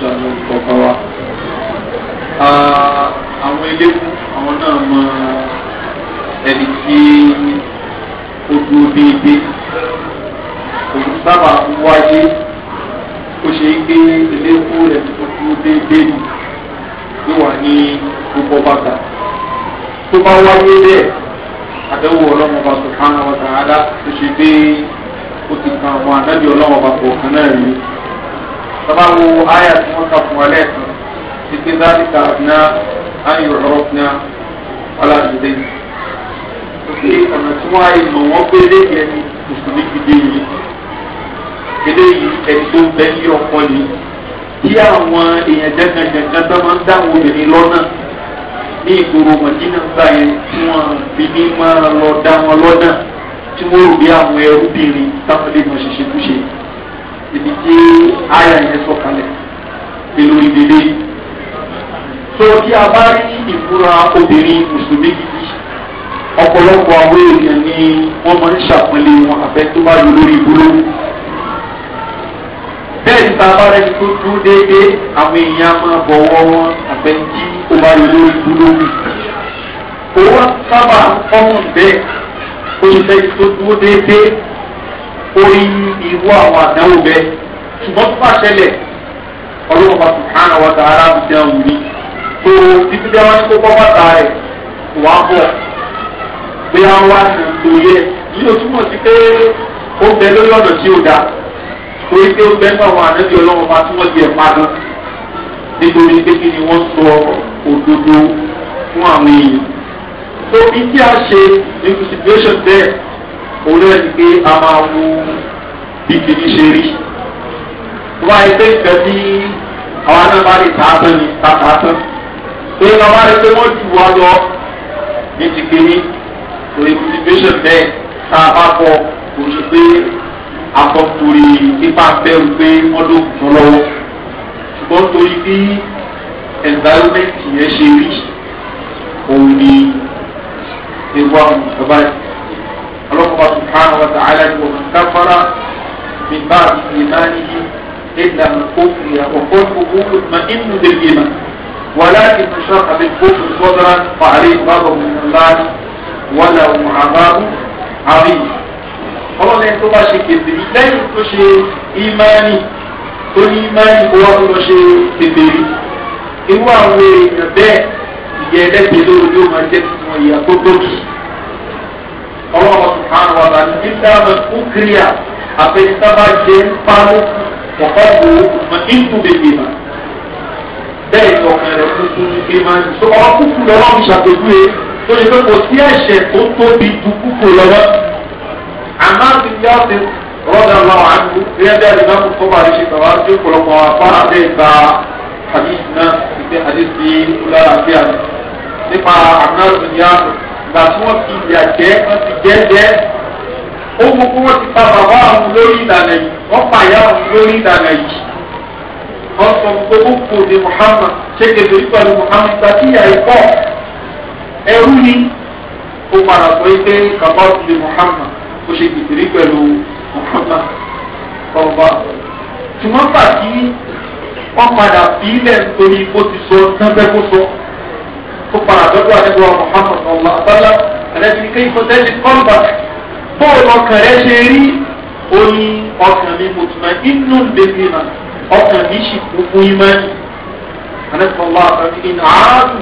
ṣàánú kọ̀ọ̀kan wa. àwọn eléwu àwọn náà mọ ẹni tí ó dúró déédéé òun sábà ń wáyé ó ṣe é gbé eléwu ẹni tó dúró déédéé nù ló wà ní gbogbo bàtà tó bá wáyé bẹ́ẹ̀ àdéhùn ọlọ́mọba sọ̀kánà wọ̀tà adá tó ṣe dé ó ti kan àwọn àdájọ́ ọlọ́mọba kọ̀ọ̀kan náà yìí bàbá wo àyà tí wọ́n kà fún wa lẹ́ẹ̀kan ti pé dáàbì ká ná ayò ọ̀rọ̀ ná wàhálà dìde. òkè ọ̀nà tí wọ́n ayé mọ̀ wọ́n pé léyìí ẹni mùsùlùmí dìde yìí eléyìí ní ni bí àwọn èèyàn jẹ́gànjẹ̀gàn tó máa ń dáhùn obìnrin lọ́nà ní ìgboro mọ̀dínà gbà yẹn tí wọ́n fi ní máa lọ dá wọn lọ́nà tí wọ́n rò bí àwọn ẹrúbìnrin táwọn lè mọ̀ ṣẹ̀ṣẹ̀ kúṣe ibi tí àyà yẹn sọ̀kalẹ̀ pẹ̀lú ìdílé. tó tí a bá rí ìfura obìnrin mùsùlùmí gidi ọ̀pọ̀lọpọ̀ àwọn èèyàn ni wọ́n máa ń ṣàpọ́nlé wọn àfẹ́ tó bá lò lórí ìbúrò. bẹ́ẹ̀ ni bàbá rẹ̀ tó dúró déédéé àwọn èèyàn máa bọ̀wọ́ wọn àfẹ́ tí ó bá lò lórí ìbúrò. owó sábà ń kọ́ bẹ́ẹ̀ ó ṣe tó dúró déédéé orí irú àwọn àdánwò bẹ́ẹ̀ ṣùgbọ́n tó bá ṣẹlẹ̀ ọlọ́run bá tún hàn àwọn tààrà àbùdá òun ni tó títí bí wọ́n ti kó kọ́ bàtà rẹ̀ kò wá bọ̀ bí wọ́n wá ní òye yíyó túmọ̀ sí pé ó bẹ lórí ọ̀nà tí ó da torí pé ó bẹ ní àwọn ànábì ọlọ́run bá tún wọ́n di ẹ̀ padà nítorí pé kí ni wọ́n sọ òdodo fún àwọn èèyàn. tó bí tí a ṣe ní situation bẹ́ẹ̀ orí ẹ̀ ti pé a máa wo bí kìíní ṣe rí wọ́n á yẹ bí àwọn náà lè tàá tán ni tàá tán pé wọ́n bá rí pé wọ́n jù wá lọ ní ti kìíní orí motivation bẹ́ẹ̀ tá a bá kọ kò ṣe pé akọ́kùnrin nípa bẹ́ẹ̀ pé wọ́n ló kún lọ́wọ́ ṣùgbọ́n torí bí environment yẹn ṣe rí òun ni ewu àwọn ìjọba yìí. فقالت ومن كفر من بعد إيمانه إلا من كفر وقلبه مطمئن بالإيمان ولكن من شرح بالكفر صدرا فعليه غضب من الله ولو عذاب عظيم ọlọ́run ẹni tó bá ṣe kèdè rí lẹ́yìn tó ṣe ìmáàní tó ní ìmáàní kó wá tó lọ ṣe kèdè rí irú àwọn èèyàn bẹ́ẹ̀ ìyẹn ẹlẹ́gbẹ̀ẹ́ lóru yóò máa jẹ́ fún ìyà tó tóbi Allah sùhánù wà bá ní nígbà mọ̀ kúkìrìà àfẹnitábà jẹ́ pálí ọ̀pọ̀gbò ìtúbẹ̀gbẹ̀ mà. bẹ́ẹ̀ ni ọkàn rẹ̀ tuntun gbé máa ń sọ ọ̀rọ̀ kúkú lọ́wọ́ mi ṣàpèjúwe tó ṣe pé kò sí ẹ̀ṣẹ̀ tó tóbi ju kúkú lọ́wọ́. àmọ́ àti bí wọ́n ti rọ́dà lọ àánú gẹ́gẹ́ bí àdìgbàmù tó bá rí ṣe bàbá tó pọ̀lọpọ̀ àpá àbẹ́ ìgbà tí wọ́n fi ìyà jẹ́ wọ́n ti jẹ́ jẹ́ ó gbogbo wọn ti pa bàbá àwọn lórí ìlànà yìí wọ́n pa ìyá àwọn lórí ìlànà yìí wọ́n sọ gbogbo kò dé Muhammad ṣé kébé pẹ̀lú Muhammad gba kí ìyá yìí pọ̀ ẹrú ni ó padà sọ pé kàbá ti dé Muhammad ó ṣe kìtìrí pẹ̀lú Muhammad ọba tí wọ́n gbà kí wọ́n padà bí ilẹ̀ nítorí bó ti sọ tán kó sọ. فقرا بدو عليه محمد صلى الله عليه وسلم الذي كيف تجد قلبك فوق كراشيري oni ọkàn mi mutuma inú bèbè ma ọkàn mi sì kú fún imani anasọlá àti ìnáàlù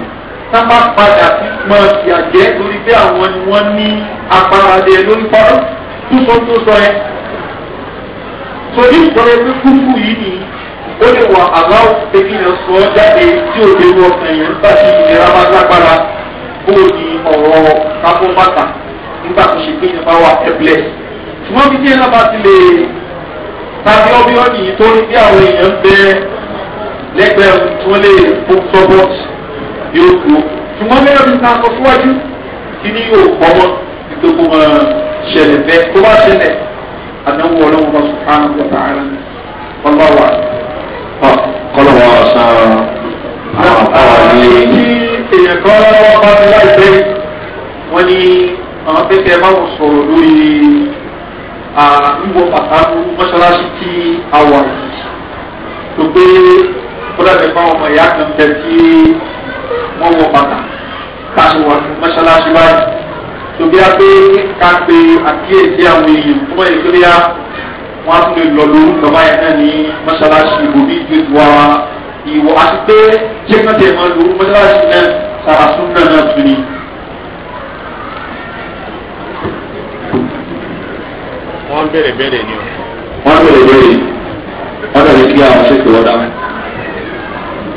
sábà padà sí máa fi àjẹ lórí pé àwọn ni wọn ní agbáradé lórí pọlọ tó sọ tó sọ ẹ. sọ ní ìtọ́jú pé kúkú yìí ni ó lè wà aláwọ̀ pé kí yẹn sọ ọ́ jáde tí ò lè wọ ọ̀sán yẹn nígbà tí ìlera bá lágbára kó o di ọ̀rọ̀ kápó bàtà nígbà tó ṣe pé yẹn bá wà ẹ̀blẹ̀. ṣùgbọ́n bí tí yẹn náà bá ti lè tàbí ọbí ọ̀nì yìí tó ní bí àwọn èèyàn bẹ lẹ́gbẹ̀ẹ́ tó lè fún sọ́bọ̀t yóò kú. ṣùgbọ́n bí ọ̀nì ta sọ síwájú kí ni yóò pọ̀ mọ́ ìtòkù ṣẹlẹ̀ bẹ́ẹ̀ tó bá ṣẹlẹ̀ àdánwò ọlọ́run bá sùn kọ́lọ̀ wọn san àwọn ọ̀pá ní. tí èèyàn kan lọ́wọ́ bá mi láìpẹ́ wọ́n ní àwọn pẹ́kẹ́ máa ń sọ̀rọ̀ lórí wíwọ pàtàkì mọ́ṣáláṣí tí a wà yìí tó pé kódà bẹ́ẹ̀ bá ọmọ ìyá kan tẹ̀ tí wọ́n wọ bàtà káṣí wà mọ́ṣáláṣí báyìí tó bí a pé ká pe àkíyèsí àwọn èèyàn tó wọ́n yẹ kí ó wọn á tún lè lọ lóru kaba yẹn náà ní mọ́ṣáláṣí ìbòmí ìgbésùwà ìwọ àti pé jẹ́kọ̀tẹ̀ máa lóru mọ́ṣáláṣí náà sàràsún náà náà tún ni. wọ́n ń bèrè bèrè ni o. wọ́n ń bèrè bèrè wọ́n bèrè kí àwọn ṣètò ọ̀dà ní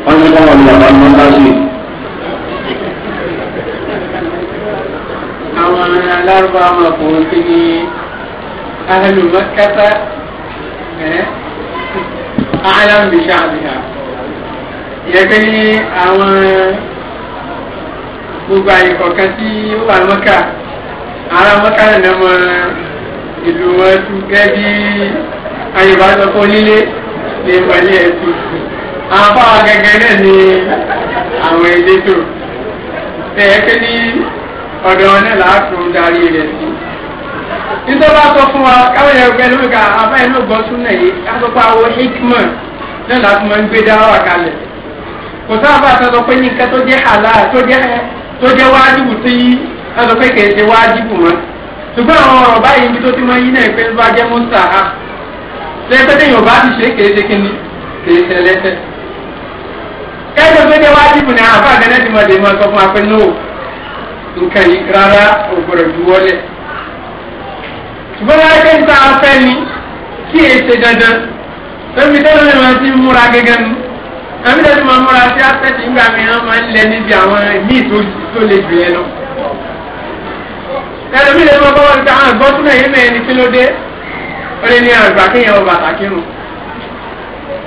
káwọn ní àbá mọ́ṣáláṣí. àwọn alárúbáwá máa kò sí ní ahàlù àyàn bìṣà bìṣà ìyẹn pé ní àwọn gbogbo àyè kọ̀ọ̀kan tí ó wà mọ́kà ara mọ́kà náà mọ ìlú wọn tu gẹ́gẹ́ bí àyèbá sọ fún lílé ní ìmọ̀lẹ́ ẹ̀tù àwọn fáwọn gẹ́gẹ́ náà ní àwọn elétò tẹ̀yẹ́ pé ní ọ̀dọ̀ náà làákùn darí rẹ̀ sí nítorí wọn sọ fún wa káwọn yẹn gbẹ lórí ká abáyé ló gbọ́ súnà yìí ká sọ pé àwọn hikman náà láti máa ń gbé dá wà kalẹ̀ kò sábà tó sọ pé nìkan tó jẹ́ halal tó jẹ́ tó jẹ́ wájibù tí wọn sọ pé kì í ṣe wájibù mọ́ ṣùgbọ́n àwọn ọ̀rọ̀ báyìí níbi tó ti máa ń yí náà pé bá jẹ́ mọ́sà á lẹ́tẹ̀tẹ̀ yóò bá ti ṣe kì í ṣe kí ni kì í ṣe lẹ́tẹ̀ kẹ́sọ̀ tó jẹ́ wájibù ni àbá àgbẹ̀nẹ́tìmọ̀dé ṣùgbọ́n wáyé pé ń ta afẹ́ ni kí èyí ṣe dandan ẹbí tẹ́lẹ̀ mi máa ti múra gẹ́gẹ́ nu ẹbí tẹ́lẹ̀ mi máa múra sí afẹ́tì ńgbà mi hàn máa ń lẹ níbi àwọn míì tó le jù yẹn lọ. ẹlòmíì lè máa bọ́wọ́ níta àwọn ah, àgbọ̀tún náà yẹn mẹ́rin ní kí ló dé ó lé ní àgbà ah, kéèyàn ọba àtàkírun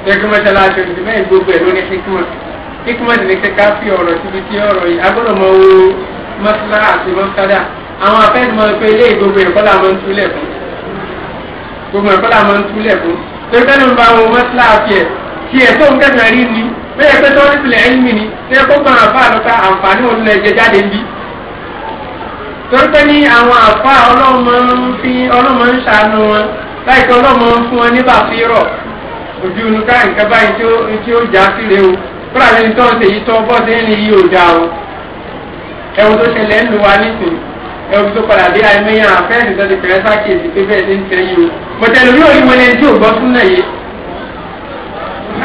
lẹ́gbẹ́ mọ́ṣáláṣí oṣù gbogbo ẹ̀ ló ní kíkúmọ̀ kíkúmọ̀ ti ní kẹ́kẹ́ fi ọ̀rọ̀ síbi tí ọ̀rọ̀ yìí agbọ́dọ̀ mọ owó mọ́ṣáláṣí mọ́ṣáláṣí àwọn afẹ́sìmọ̀ pé ilé ìgbogbo ẹ̀kọ́ là máa ń túlẹ̀ fún gbogbo ẹ̀kọ́ là máa ń túlẹ̀ fún torí pé nígbà wo mọ́sílá àfẹ́ tí ẹ̀ tó ń kẹsàn-án rí ni bẹ́ẹ̀ pé tọ́lí tilẹ̀ ẹ̀yìn mi ni ṣé kó gbọ́n àfa àlọ́ka àǹfààní òun lẹ̀ jẹ jáde ń bí torí pé ní àwọn àfa ọlọ́mọ ń fi ọlọ́mọ ń ṣàánú wọn láìpẹ́ ọlọ́mọ ń fún wọn ní bàfírọ̀ ojú nǹkan nǹkan báyìí tí ó jà sílẹ̀ o kúrò àti ní tọ́ ṣèyí tọ́ bọ́ọ̀dé ní iye òjà o ẹ̀wọ̀n tó ṣẹlẹ̀ ń lu wa nísìnyí ẹ̀rù tó padà dé àìmẹ́yà àfẹ́ẹ̀sì tó ti fẹ́ẹ́ sákèsì pé bẹ́ẹ̀ ti ń tẹ́yìn o mọ̀tẹ́lú yóò rí wọlé tí ò gbọ́ tún náà yé.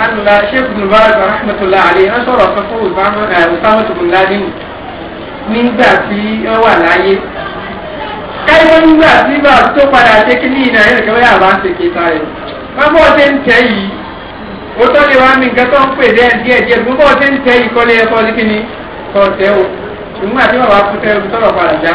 alùpùpù sheikh mubarak rahmatulah ali wọn sọ̀rọ̀ kan fún usama tubunladin eh, nígbà tí wọ́n wà láyé. káyọ̀ nígbà tí bá tó padà ṣe kí ní ìnáyẹ̀ rẹ̀ kẹ́wẹ́ àbá ń ṣe kéta rẹ̀. bábọ̀ ṣe ń tẹ́ yìí ó tọ́ lè wá mi nǹkan tó ń pè dẹ́ díẹ̀díẹ̀ gbogbo ṣe ń tẹ́ yìí kọ́lé ẹ̀kọ́ ní kíni kọ́ tẹ́ o ṣùgbọ́n àti bàbá kú tẹ́ o tọ́lọ̀ padà já.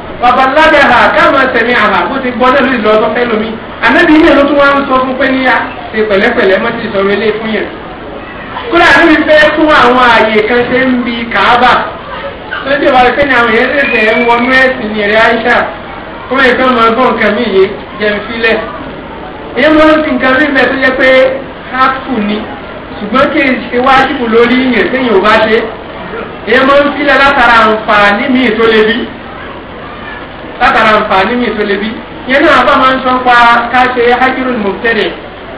babalájà ha káàmà tẹ̀mí àhà bó ti gbọ́ náà lórí lọ́dọ́ fẹ́ lómi ànábi ilé ló tún wá ń sọ fún pé níyà ṣe pẹ̀lẹ́pẹ̀lẹ́ má ti sọ̀rọ̀ ilé fún yẹn. kódà níbi fẹ́ tún àwọn àyè kan ṣe ń bi kàábà lọ́jọ́ ìwà rẹ̀ pé ní àwọn èèyàn ṣẹ̀ṣẹ̀ ń wọnú ẹ̀sìn ní ẹ̀rẹ́ àyíṣà kó mọ̀ ìkan máa gbọ́ nǹkan mí yé jẹun filẹ̀. èyí mo ń fi nǹkan mí bẹ́ẹ̀ tó jẹ́ pé hápù ni ṣùgbọ́n kí n ṣe wá síbù lórí yẹn téèyàn ò bá ṣe. èyí mo ń filẹ̀ látara àǹfààní mi tó le bí látara nfààní mi tó lebi yẹn náà bá máa ń sọ pa ká ṣe bo mọ̀tẹ́lẹ̀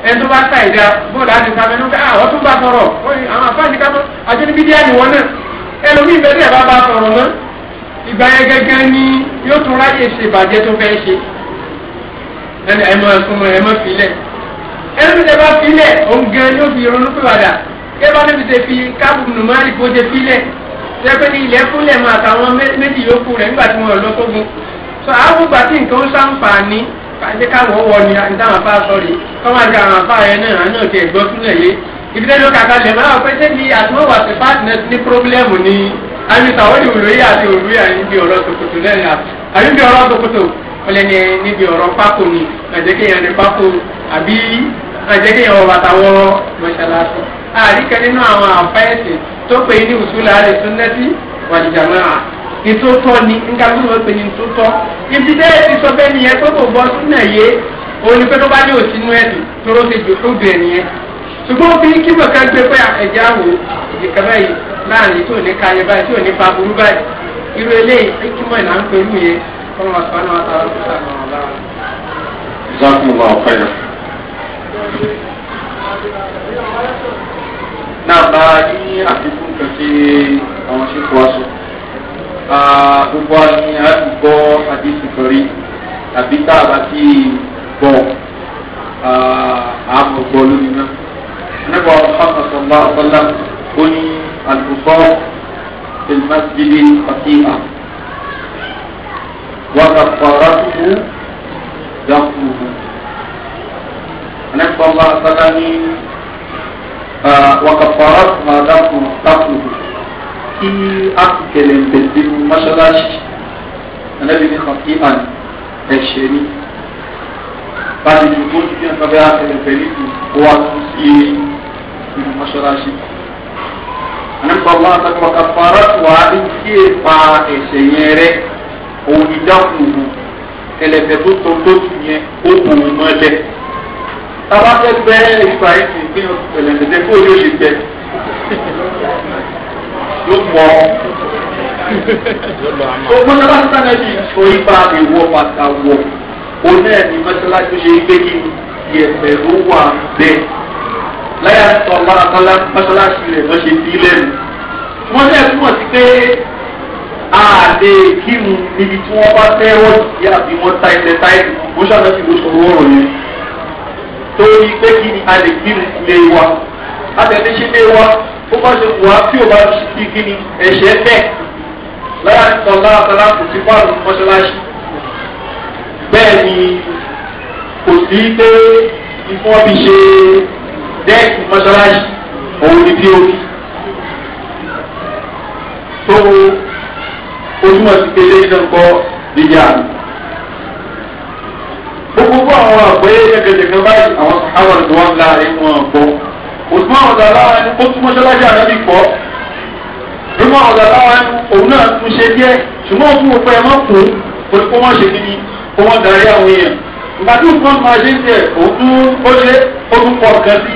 ẹni tó bá ta ìdá bóòlù àti kàmẹ́ nígbà àwọn ah, tó bá sọ̀rọ̀ àwọn àfáàní ká mọ́ àjọyìnbídíà nìwọ náà ẹlòmíì bẹ́ẹ̀ bẹ́ẹ̀ bá bá sọ̀rọ̀ náà ìgbà yẹn gẹ́gẹ́ ni yóò tún ráyè ṣe ìbàjẹ́ tó fẹ́ ṣe ẹni ẹ̀mọ ẹ̀sùnmọ̀ ẹ̀mọ filẹ̀ ẹni tẹ bá filẹ̀ òǹgẹ̀ yóò fi ronú pèwàdà kí ẹ bá níbi tẹ fi káàbù nùmárì kó tẹ filẹ̀ tẹ́pẹ́ ní ilẹ̀ fúnlẹ̀ mọ́ àtàwọn méjì yòókù rẹ̀ nígbà tí wọ́n lọ sógun so àwọn gbà tí nǹkan ń sàǹfààní kájẹ́ káwọn wọ ni àìdáhùn afá sọ̀rí kọ́mọ àti àwọn afá yẹn náà àná òkè ẹ̀gbọ́n súnlẹ̀ yé ibi tẹ́lẹ̀ ọkà kalẹ̀ máa wọ pé sẹ́ni àtúnwọ̀wà ní pírọ́blẹ́mù ni àmì sàwọ́dì olóyè àti olóyè àyíǹbi ọ̀rọ̀ tòkòtò lẹ́nu àyíǹbi ọ̀rọ̀ tòkòtò ọlẹ́ni níbi ọ̀rọ̀ pákó ni àjẹkẹ́yàn ní pákó àbí àjẹkẹ́yàn ọ̀rọ̀ àtàwọn mọ̀ṣáláṣí àríkẹ́ nínú àwọn àfẹ́ẹ̀sì tó pe ní ùsùlù ìtótọ́ ni nǹkan tó ń pè ní ìtótọ́ ibi tẹ́ ti sọ bẹ́ẹ̀ nìyẹn tó kò bọ́ sínú ẹ̀yẹ òun ni pé tó bá ní òsínú ẹ̀dùn tó ló ti dùn fún bẹ́ẹ̀ nìyẹn ṣùgbọ́n bí kí bọ̀ká gbé pé ẹ̀jẹ̀ àwò ìdìkan báyìí láàrin ní báyìí ní burú báyìí a gbogbo ah, ni a ti gbọ́ àdìsí torí tàbí tá a bá ti gbọ́ àmọ̀ gbọ́ lórí náà. nígbà ọ̀sán kuni al ọ̀sánlá ó ní àlùkò wa àtìhà wọ́n ta fara tuntun Sallallahu nígbà ọ̀sán ah, wa ní wọ́n ta kí a kò kẹlẹ̀ ń bẹ̀ sínú mọ́ṣáláṣí ẹlẹ́bi ní kan kí àn ẹ̀ṣẹ̀ ni báyìí ní tó ti fi hàn kábẹ́ àtẹlẹ̀ pẹ̀lú ìkó wa tún sí inú mọ́ṣáláṣí. ànípa wọn àtàkùn ọ̀kà fara wà á ti pa ẹ̀ṣẹ̀ yẹn rẹ òun tó tó tó tù yẹn ó kùn ún mọ́lẹ̀ tabafẹ bẹ ìfà yìí kí ni pẹlẹmẹtẹ kó yóò lè jẹ yóò pọ̀ gbogbo náà bá sànẹ́jì orí bá mi wọ bàtà wọ oní ẹni mẹsàlájú ṣe gbé ní yẹpẹ ló wà bẹ́ẹ̀ láyà sọ lọ́la mẹsàlájú rẹ̀ lọ́ ṣe bí lẹ́nu wọ́n náà túmọ̀ sí pé àlè kírun níbi tí wọ́n bá fẹ́ wọ́n ti àbí wọ́n ta ilẹ̀ táìlì wọ́n ṣàlọ́sì ló sọ wọ́ọ̀rọ̀ yẹn torí pé kí ni àlè kírun ilé wa àtẹ̀lẹ́ṣẹ́ ilé wa bó bá ṣe wà tí o bá fi kí ni ẹ̀ṣẹ̀ tẹ̀ láyà ní sọ̀rọ̀ láàtàlá kò sí fáàlù mọ́ṣáláṣí bẹ́ẹ̀ ni kò sí pé ikú wọn fi ṣe dẹ́ẹ̀kì mọ́ṣáláṣí òun ni bí omi tó ojúmọ̀ sí kéde náà kọ́ ìyá àná gbogbo àwọn àgbẹ̀yẹ gẹ́gẹ́ gẹ́gẹ́ báyìí àwọn àwọn ìdánwò ńlá rẹ̀ wọ́n gbọ́ òtún àwọn ọ̀dà láwọn ẹni ó tún mọ́ṣáláṣí àdábì pọ̀ nínú àwọn ọ̀dà láwọn ẹni òun náà tún ṣe díẹ̀ ṣùgbọ́n òun ò pẹ́ mọ́ fún un pé kó wọ́n ṣe kíni kó wọ́n darí àwọn èèyàn ìgbà tí nǹkan máa ṣe ń tẹ̀ òun ó lé ó pọ̀ kan sí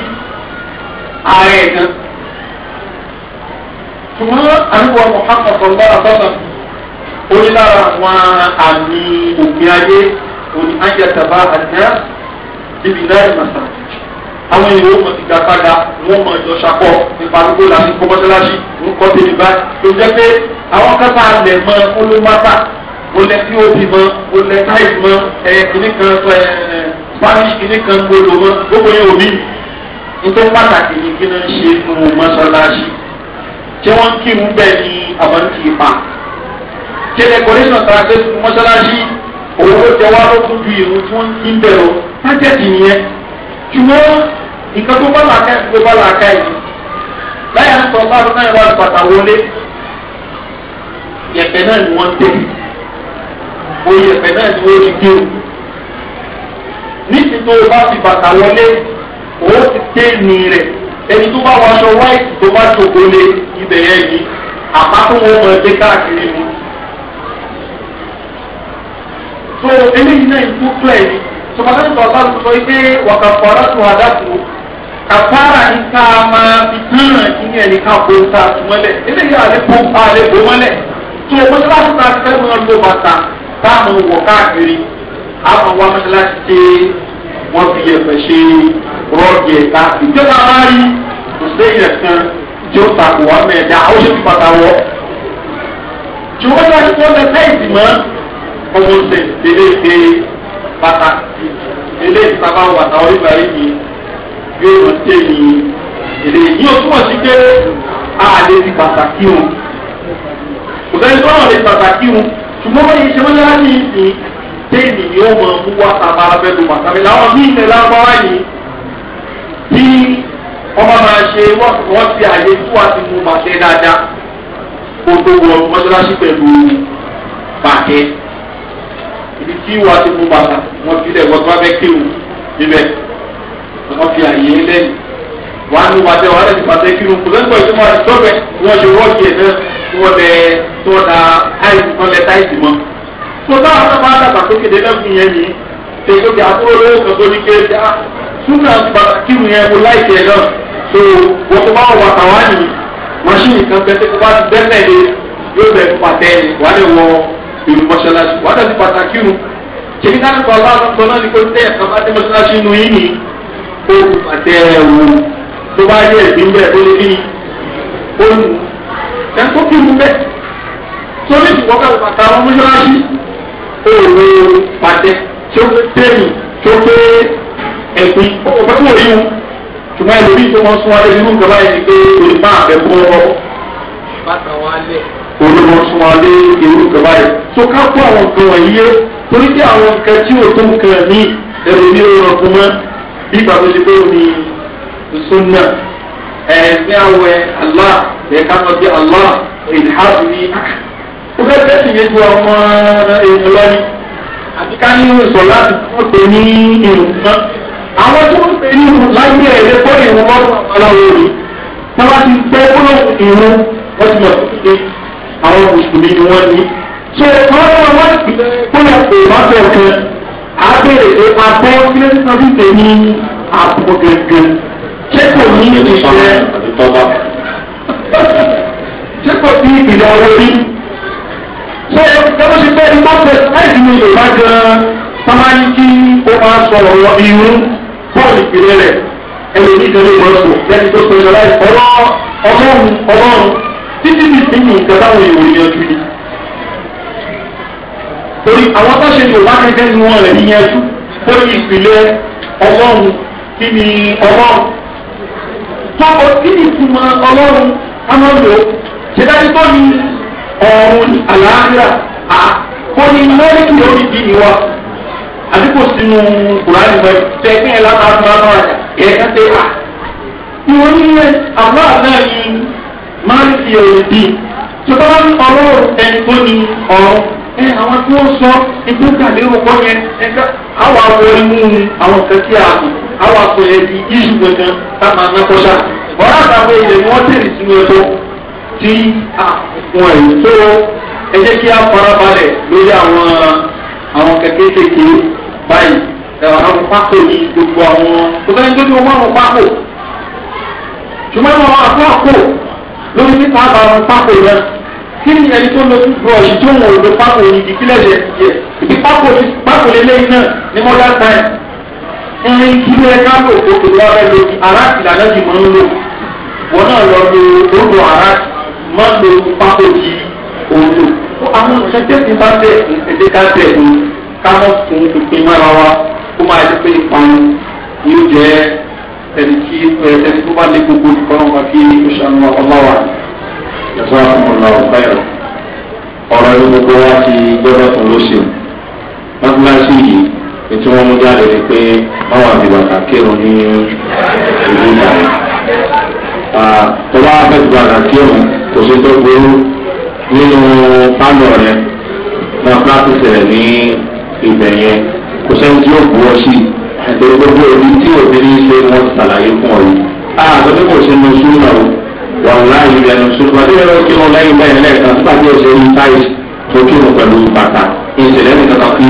ààrẹ kan ṣùgbọ́n àdúgbò Muhammad sọ̀rọ̀ bára onílára wọn àmì òkè ayé òní ayé àtàbà àdá àwọn èèyàn ó mọ̀ ti gbà padà wọ́n mọ̀ ìjọ ṣakọ nípa gbogbo làwọn ikọ̀ mọ́ṣáláṣí ń kọ́ tèmi báyìí tó jẹ́ pé àwọn kẹfà lẹ̀ mọ́ olómátà ó lẹ tí ó di mọ́ ó lẹ táìs mọ́ ẹ̀yẹ kìíní kan ẹ̀ spanish kìíní kan gbọdọ̀ mọ́ gbogbo yẹn ò ní nítorí pàtàkì ni kí ló ń ṣe nù mọ́ṣáláṣí ṣé wọ́n kí ń bẹ̀ ní àwọn kì í pa ṣé decoration tara ṣe mọ́ṣáláṣí òwò jẹ wá ló tún ju ìrù tí wọ́n ń bẹ̀ lọ ṣùgbọ́n nǹkan tó bá làákà yìí tó bá làákà yìí láyà ń sọ bá náà wà bàtà wọlé yẹ̀pẹ̀ náà ni wọ́n tẹ̀ o yẹ̀pẹ̀ náà ni wọ́n ti gé o níṣìṣẹ́ tó o bá fi bàtà wọlé o ti tẹ́ ní rẹ̀ ẹni tó bá wọ aṣọ wáìtì tó bá ṣògo lé ibẹ̀ yẹn yìí àpapọ̀ wọn mọ̀ káàkiri mu. so eléyìí náà ń kú pẹ́ẹ́ ni tọmọdé sọ̀tà ló sọ pé wàkà fọ́ọ̀rọ̀ tó wà dàtú kàfàrà ní ká máa fi tán ìyẹn ní ká bó ta mọ́lẹ̀ eléyìí àlẹ́ bó pa àlẹ́ bó mọ́lẹ̀ tó o mọ́sálásí náà fẹ́ mọ́ ló bàtà táàmù wọ̀ káàkiri àwọn wa mọ́sálásí ṣe wọ́n fi yẹ̀fẹ̀ ṣe rọ́ọ̀dì ẹ̀ka ìjọba wa rí kò séyìn ẹ̀kan tí ó takò wá mẹ́ẹ̀dá ó ṣe fi bàtà wọ̀ ṣùgbọ́n tí wọ́n ti fọ́ bàtà eléyìí sábà wà táwọn ìgbà yìí yóò lọ sí ẹ̀yìn eléyìí yóò túmọ̀ sí pé àlè ti pàtàkì wọn kò sẹ́ni tó wọn lè pàtàkì wọn ṣùgbọ́n wọ́n yìí ṣe wọ́n yára ní ìsìn téèmì ni ó mọ mú wá sábà abẹ́ ló bàtà mi làwọn míì ní lágbára yìí bí wọ́n bá máa ṣe wọ́n ti àyè tó wà mú màṣẹ dáadáa kó tó wọ mọ́ṣáláṣí pẹ̀lú bàtẹ́ ibi tí ìwà ti mú bàtà wọn fi lẹ̀ wọ́n tó bá fẹ́ kéwù níbẹ̀ wọ́n fi àyè lẹ́yìn wọ́n á nu bàtẹ́ wọ́n á lẹ́sìn bàtẹ́ kí wọn kò lẹ́sìn pẹ̀lú wọn sọ́bẹ̀ wọ́n ṣe rọ́ọ̀kì ẹ̀ náà tí lẹ tí da táìsì kan lẹ táìsì mọ́. tó báwọn náà máa dàgbà sókè dé lẹ́kùn yẹn ni tèkókè àbúrò lówó kan tó ní kéde á ah, súnà kí wọn yẹn mo láì tẹ̀ náà tó wọ́n tó bá wọn wà irú mọ́ṣáláṣí wọ́n dàbí pàtàkì irun ṣèlú náà nípa ọlọ́run kan náà ni pé di ẹ̀ka bá dé di inú yín ni ó kù àtẹ ẹ̀wò tó bá di ìpín bẹ́ẹ̀ tó lé ní di ẹ̀kọ́ kí irun bẹ́ẹ̀ sórí ìwọ́ bẹ́ẹ̀ bàtà àwọn mọ́ṣáláṣí òwe pàtẹ tí ó fẹ́ tẹ́yìn tí ó fẹ́ ẹ̀pin ọ̀pọ̀ pẹ́ kúrò yíwu ṣùgbọ́n ẹlòmíì tó mọ́ sún wáyé nínú ìjọba yìí ni pé olùmọ̀ àbẹ̀wò ọ olówó sún wa lé irú nǹkan báyìí tó ká kó àwọn nǹkan wọ̀nyí yé torí pé àwọn nǹkan tí ò tó nǹkan ní ẹ̀rù ní ọ̀rọ̀ fún mọ́ bí ìgbà tó ṣe pé omi sunna ẹ̀ẹ́dẹ́ àwẹ̀ allah ẹ̀ka sọ pé allah ìdíhàbù ní ó fẹ́ tẹ́sí yé ju ọmọ èèyàn lọ́ni àti ká ní sọ láti wọ́n pè ní irun mọ́ àwọn tó ń pè ní irun láyé ẹ̀rẹ́ pọ́ ìrun mọ́ aláwọ̀ òní tí wọ́n ti gbẹ́ gbọ́dọ̀ irun àwọn mùsùlùmí ni wọ́n ní. ṣé wọ́n fọ́ wọ́n sì kó lè pè wọ́n fẹ́ kan àbẹ̀rẹ̀ pé abọ́ sílẹ̀ sísan síse ní àpò gẹ̀gẹ̀ ṣé kò ní ìṣẹ́ ṣé kò sí ìpìlẹ̀ ọwọ́ rí ṣé ẹgbẹ́ ṣe bẹ́ẹ̀ ni fẹ́ láìsí ní yorùbá gan-an kí ó máa sọ̀rọ̀ wọ irú bọ́ọ̀lù ìpìlẹ̀ rẹ̀ ẹlòmíì kan lè mọ̀ ọ́ sọ lẹ́ni tó sọ ìṣọ̀lá ọlọ́run ọlọ́run títí ní ìsinmi nǹkan táwọn èèyàn yanjú ni. torí àwọn tó ṣe tó bá kẹ́kẹ́ nu wọn rẹ̀ níyanjú torí ìpìlẹ̀ ọlọ́run kí ni ọlọ́run. tọkọ kí ni ìtumọ̀ ọlọ́run amọ̀lò ṣe dájú tó ní ọ̀run àlàáfíà àkó ní mẹ́rin lórí bí ìwà àdúgbò sínú kùránì mọ́ tẹ ní ẹ̀ látàkùn àná ẹ̀ ẹ̀ ẹ̀ ṣe à. ìwọ ní àwọn àná yìí máàlìkì òdì tó bá ń ọ̀rọ̀ ẹni tó ní ọ̀rọ̀ ẹ àwọn tí wọ́n sọ ẹgbẹ́ tàbí ọkọ yẹn ẹgbẹ́ àwọn awọ imú àwọn kan tí a àwọn akọ yẹn di yíṣu gbẹngàn tá máa ná kọ́ṣà ọ̀rọ̀ àtàwọn èèyàn ni wọ́n tẹ̀lé sínú ẹjọ́ tí àwọn èèyàn tó ẹ jẹ́ kí a farabalẹ̀ lórí àwọn àwọn kẹ̀kẹ́ kékeré báyìí ẹ̀wọ̀n àwọn pákó ní gbogbo àwọn kò sẹ́ni tó ní wọ́n mọ̀ pákó ṣùgbọ́n àwọn àpò àpò lórí nípa àbàwọn pápó rẹ kí ni ẹni tó lọ gbọ́ yìí tó wọn ò lo pápó yìí di kílẹ̀ yẹ yẹ ibi pápó pápó lélẹ́yìn náà ní modern time ẹni kílẹ̀ káàbò tó kò lọ rẹ lórí aráàtì lànà jù mọ́ ń lò wọn náà lọ lo orúkọ aráàtì mọ́ lo pápó yìí òun lò fún àwọn ìṣẹ́jẹ́ ti bá bẹ̀ ẹ̀ẹ́dẹ́ká bẹ̀ ni ká mọ̀ fún pínpín mọ́ra wa kó máa yẹ pé ìpanu yóò jẹ́ ẹni tí ẹni tó bá lé gbogbo nìkan wọn fi ìṣàánú ọlọ́wà yàtọ̀ ọ̀nà ọ̀bẹ̀rẹ̀ ọ̀rọ̀ ẹni gbogbo wa ti gbọ́dọ̀ tó lóṣù mọ́tíláṣí yìí ètò wọn mú jáde ni pé báwa ti bàtà kírun ní ìlú ìlànà tó bá bàtà kírun kò sí tó gbóró nínú pálọ̀ rẹ̀ náà pílásì ní ibẹ̀ kò sẹ́ni tí yóò bu sí i ẹ̀sẹ̀ gbogbo òbí tí òbí ní ṣe wọ́n ṣàlàyé fún ọ yìí. àtọ́ tí kò ṣe nu súnà o wà láàyè rẹ̀ nu súnà tí yẹ́rọ kí wọn lẹ́yìn bẹ́ẹ̀ lẹ́ẹ̀kan nígbà tí òṣè ní táyì tó kí wọn pẹ̀lú bàtà ìṣẹ̀lẹ̀ nìkan kan kí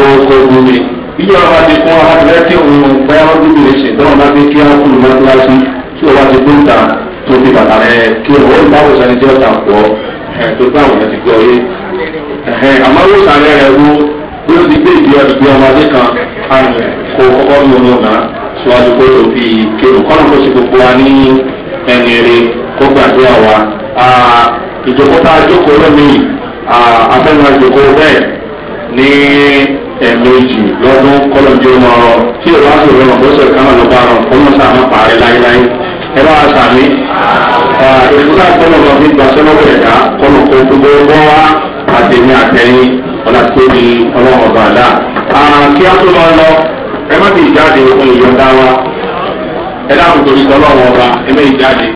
kó kó gbúmi. ìjọ ọba ti fún wa láti rẹ́ kí òun bẹ́ẹ̀ wọ́n gbúmi lè ṣe tọ́wọ́n bá fi kí á kúrò mọ́tíláṣí tí ọba ti gbó ta tó fi bàtà rẹ̀ kí òun báwo sani jẹ́ ọ̀tà pọ̀ ẹ̀ tó gbà wọ́n ti gbọ́ yé yóò ti gbé ìdí ọ̀dùn bí ọmọdé kan kó kọ́kọ́ lu ọmọ náà síwájú pé o fi kéwù kọ́nà kó ṣe gbogbo wa ní ẹni rè kó gbàdúrà wa. ìjòkó tá a jókòó lónìí afẹ́nà ìjòkó bẹ́ẹ̀ ní ẹ̀ẹ̀mejì lọ́dún kọ́lọ́dé ọmọ ọ̀rọ̀ tí o bá sọ̀rọ̀ ọmọ bọ́sọ̀ ìkànnà ló bá rọ̀ kó mọ̀ sáà má láéláé ẹ bá a sàmì. ìfúnná kọ́nà lọ fi gbàsọ́nà bẹ̀rẹ̀ kọ́nà kó gbogbo ọgbọ́n wa àtẹ̀mí àtẹ̀yìn ọ̀làtẹ̀mí ọlọ́run ọba àdá. kí á tó lọ lọ ẹ má ti jáde ohun ìyọ̀dá wa ẹ dákun torí tọ́lọ́run ọba ẹ má ti jáde.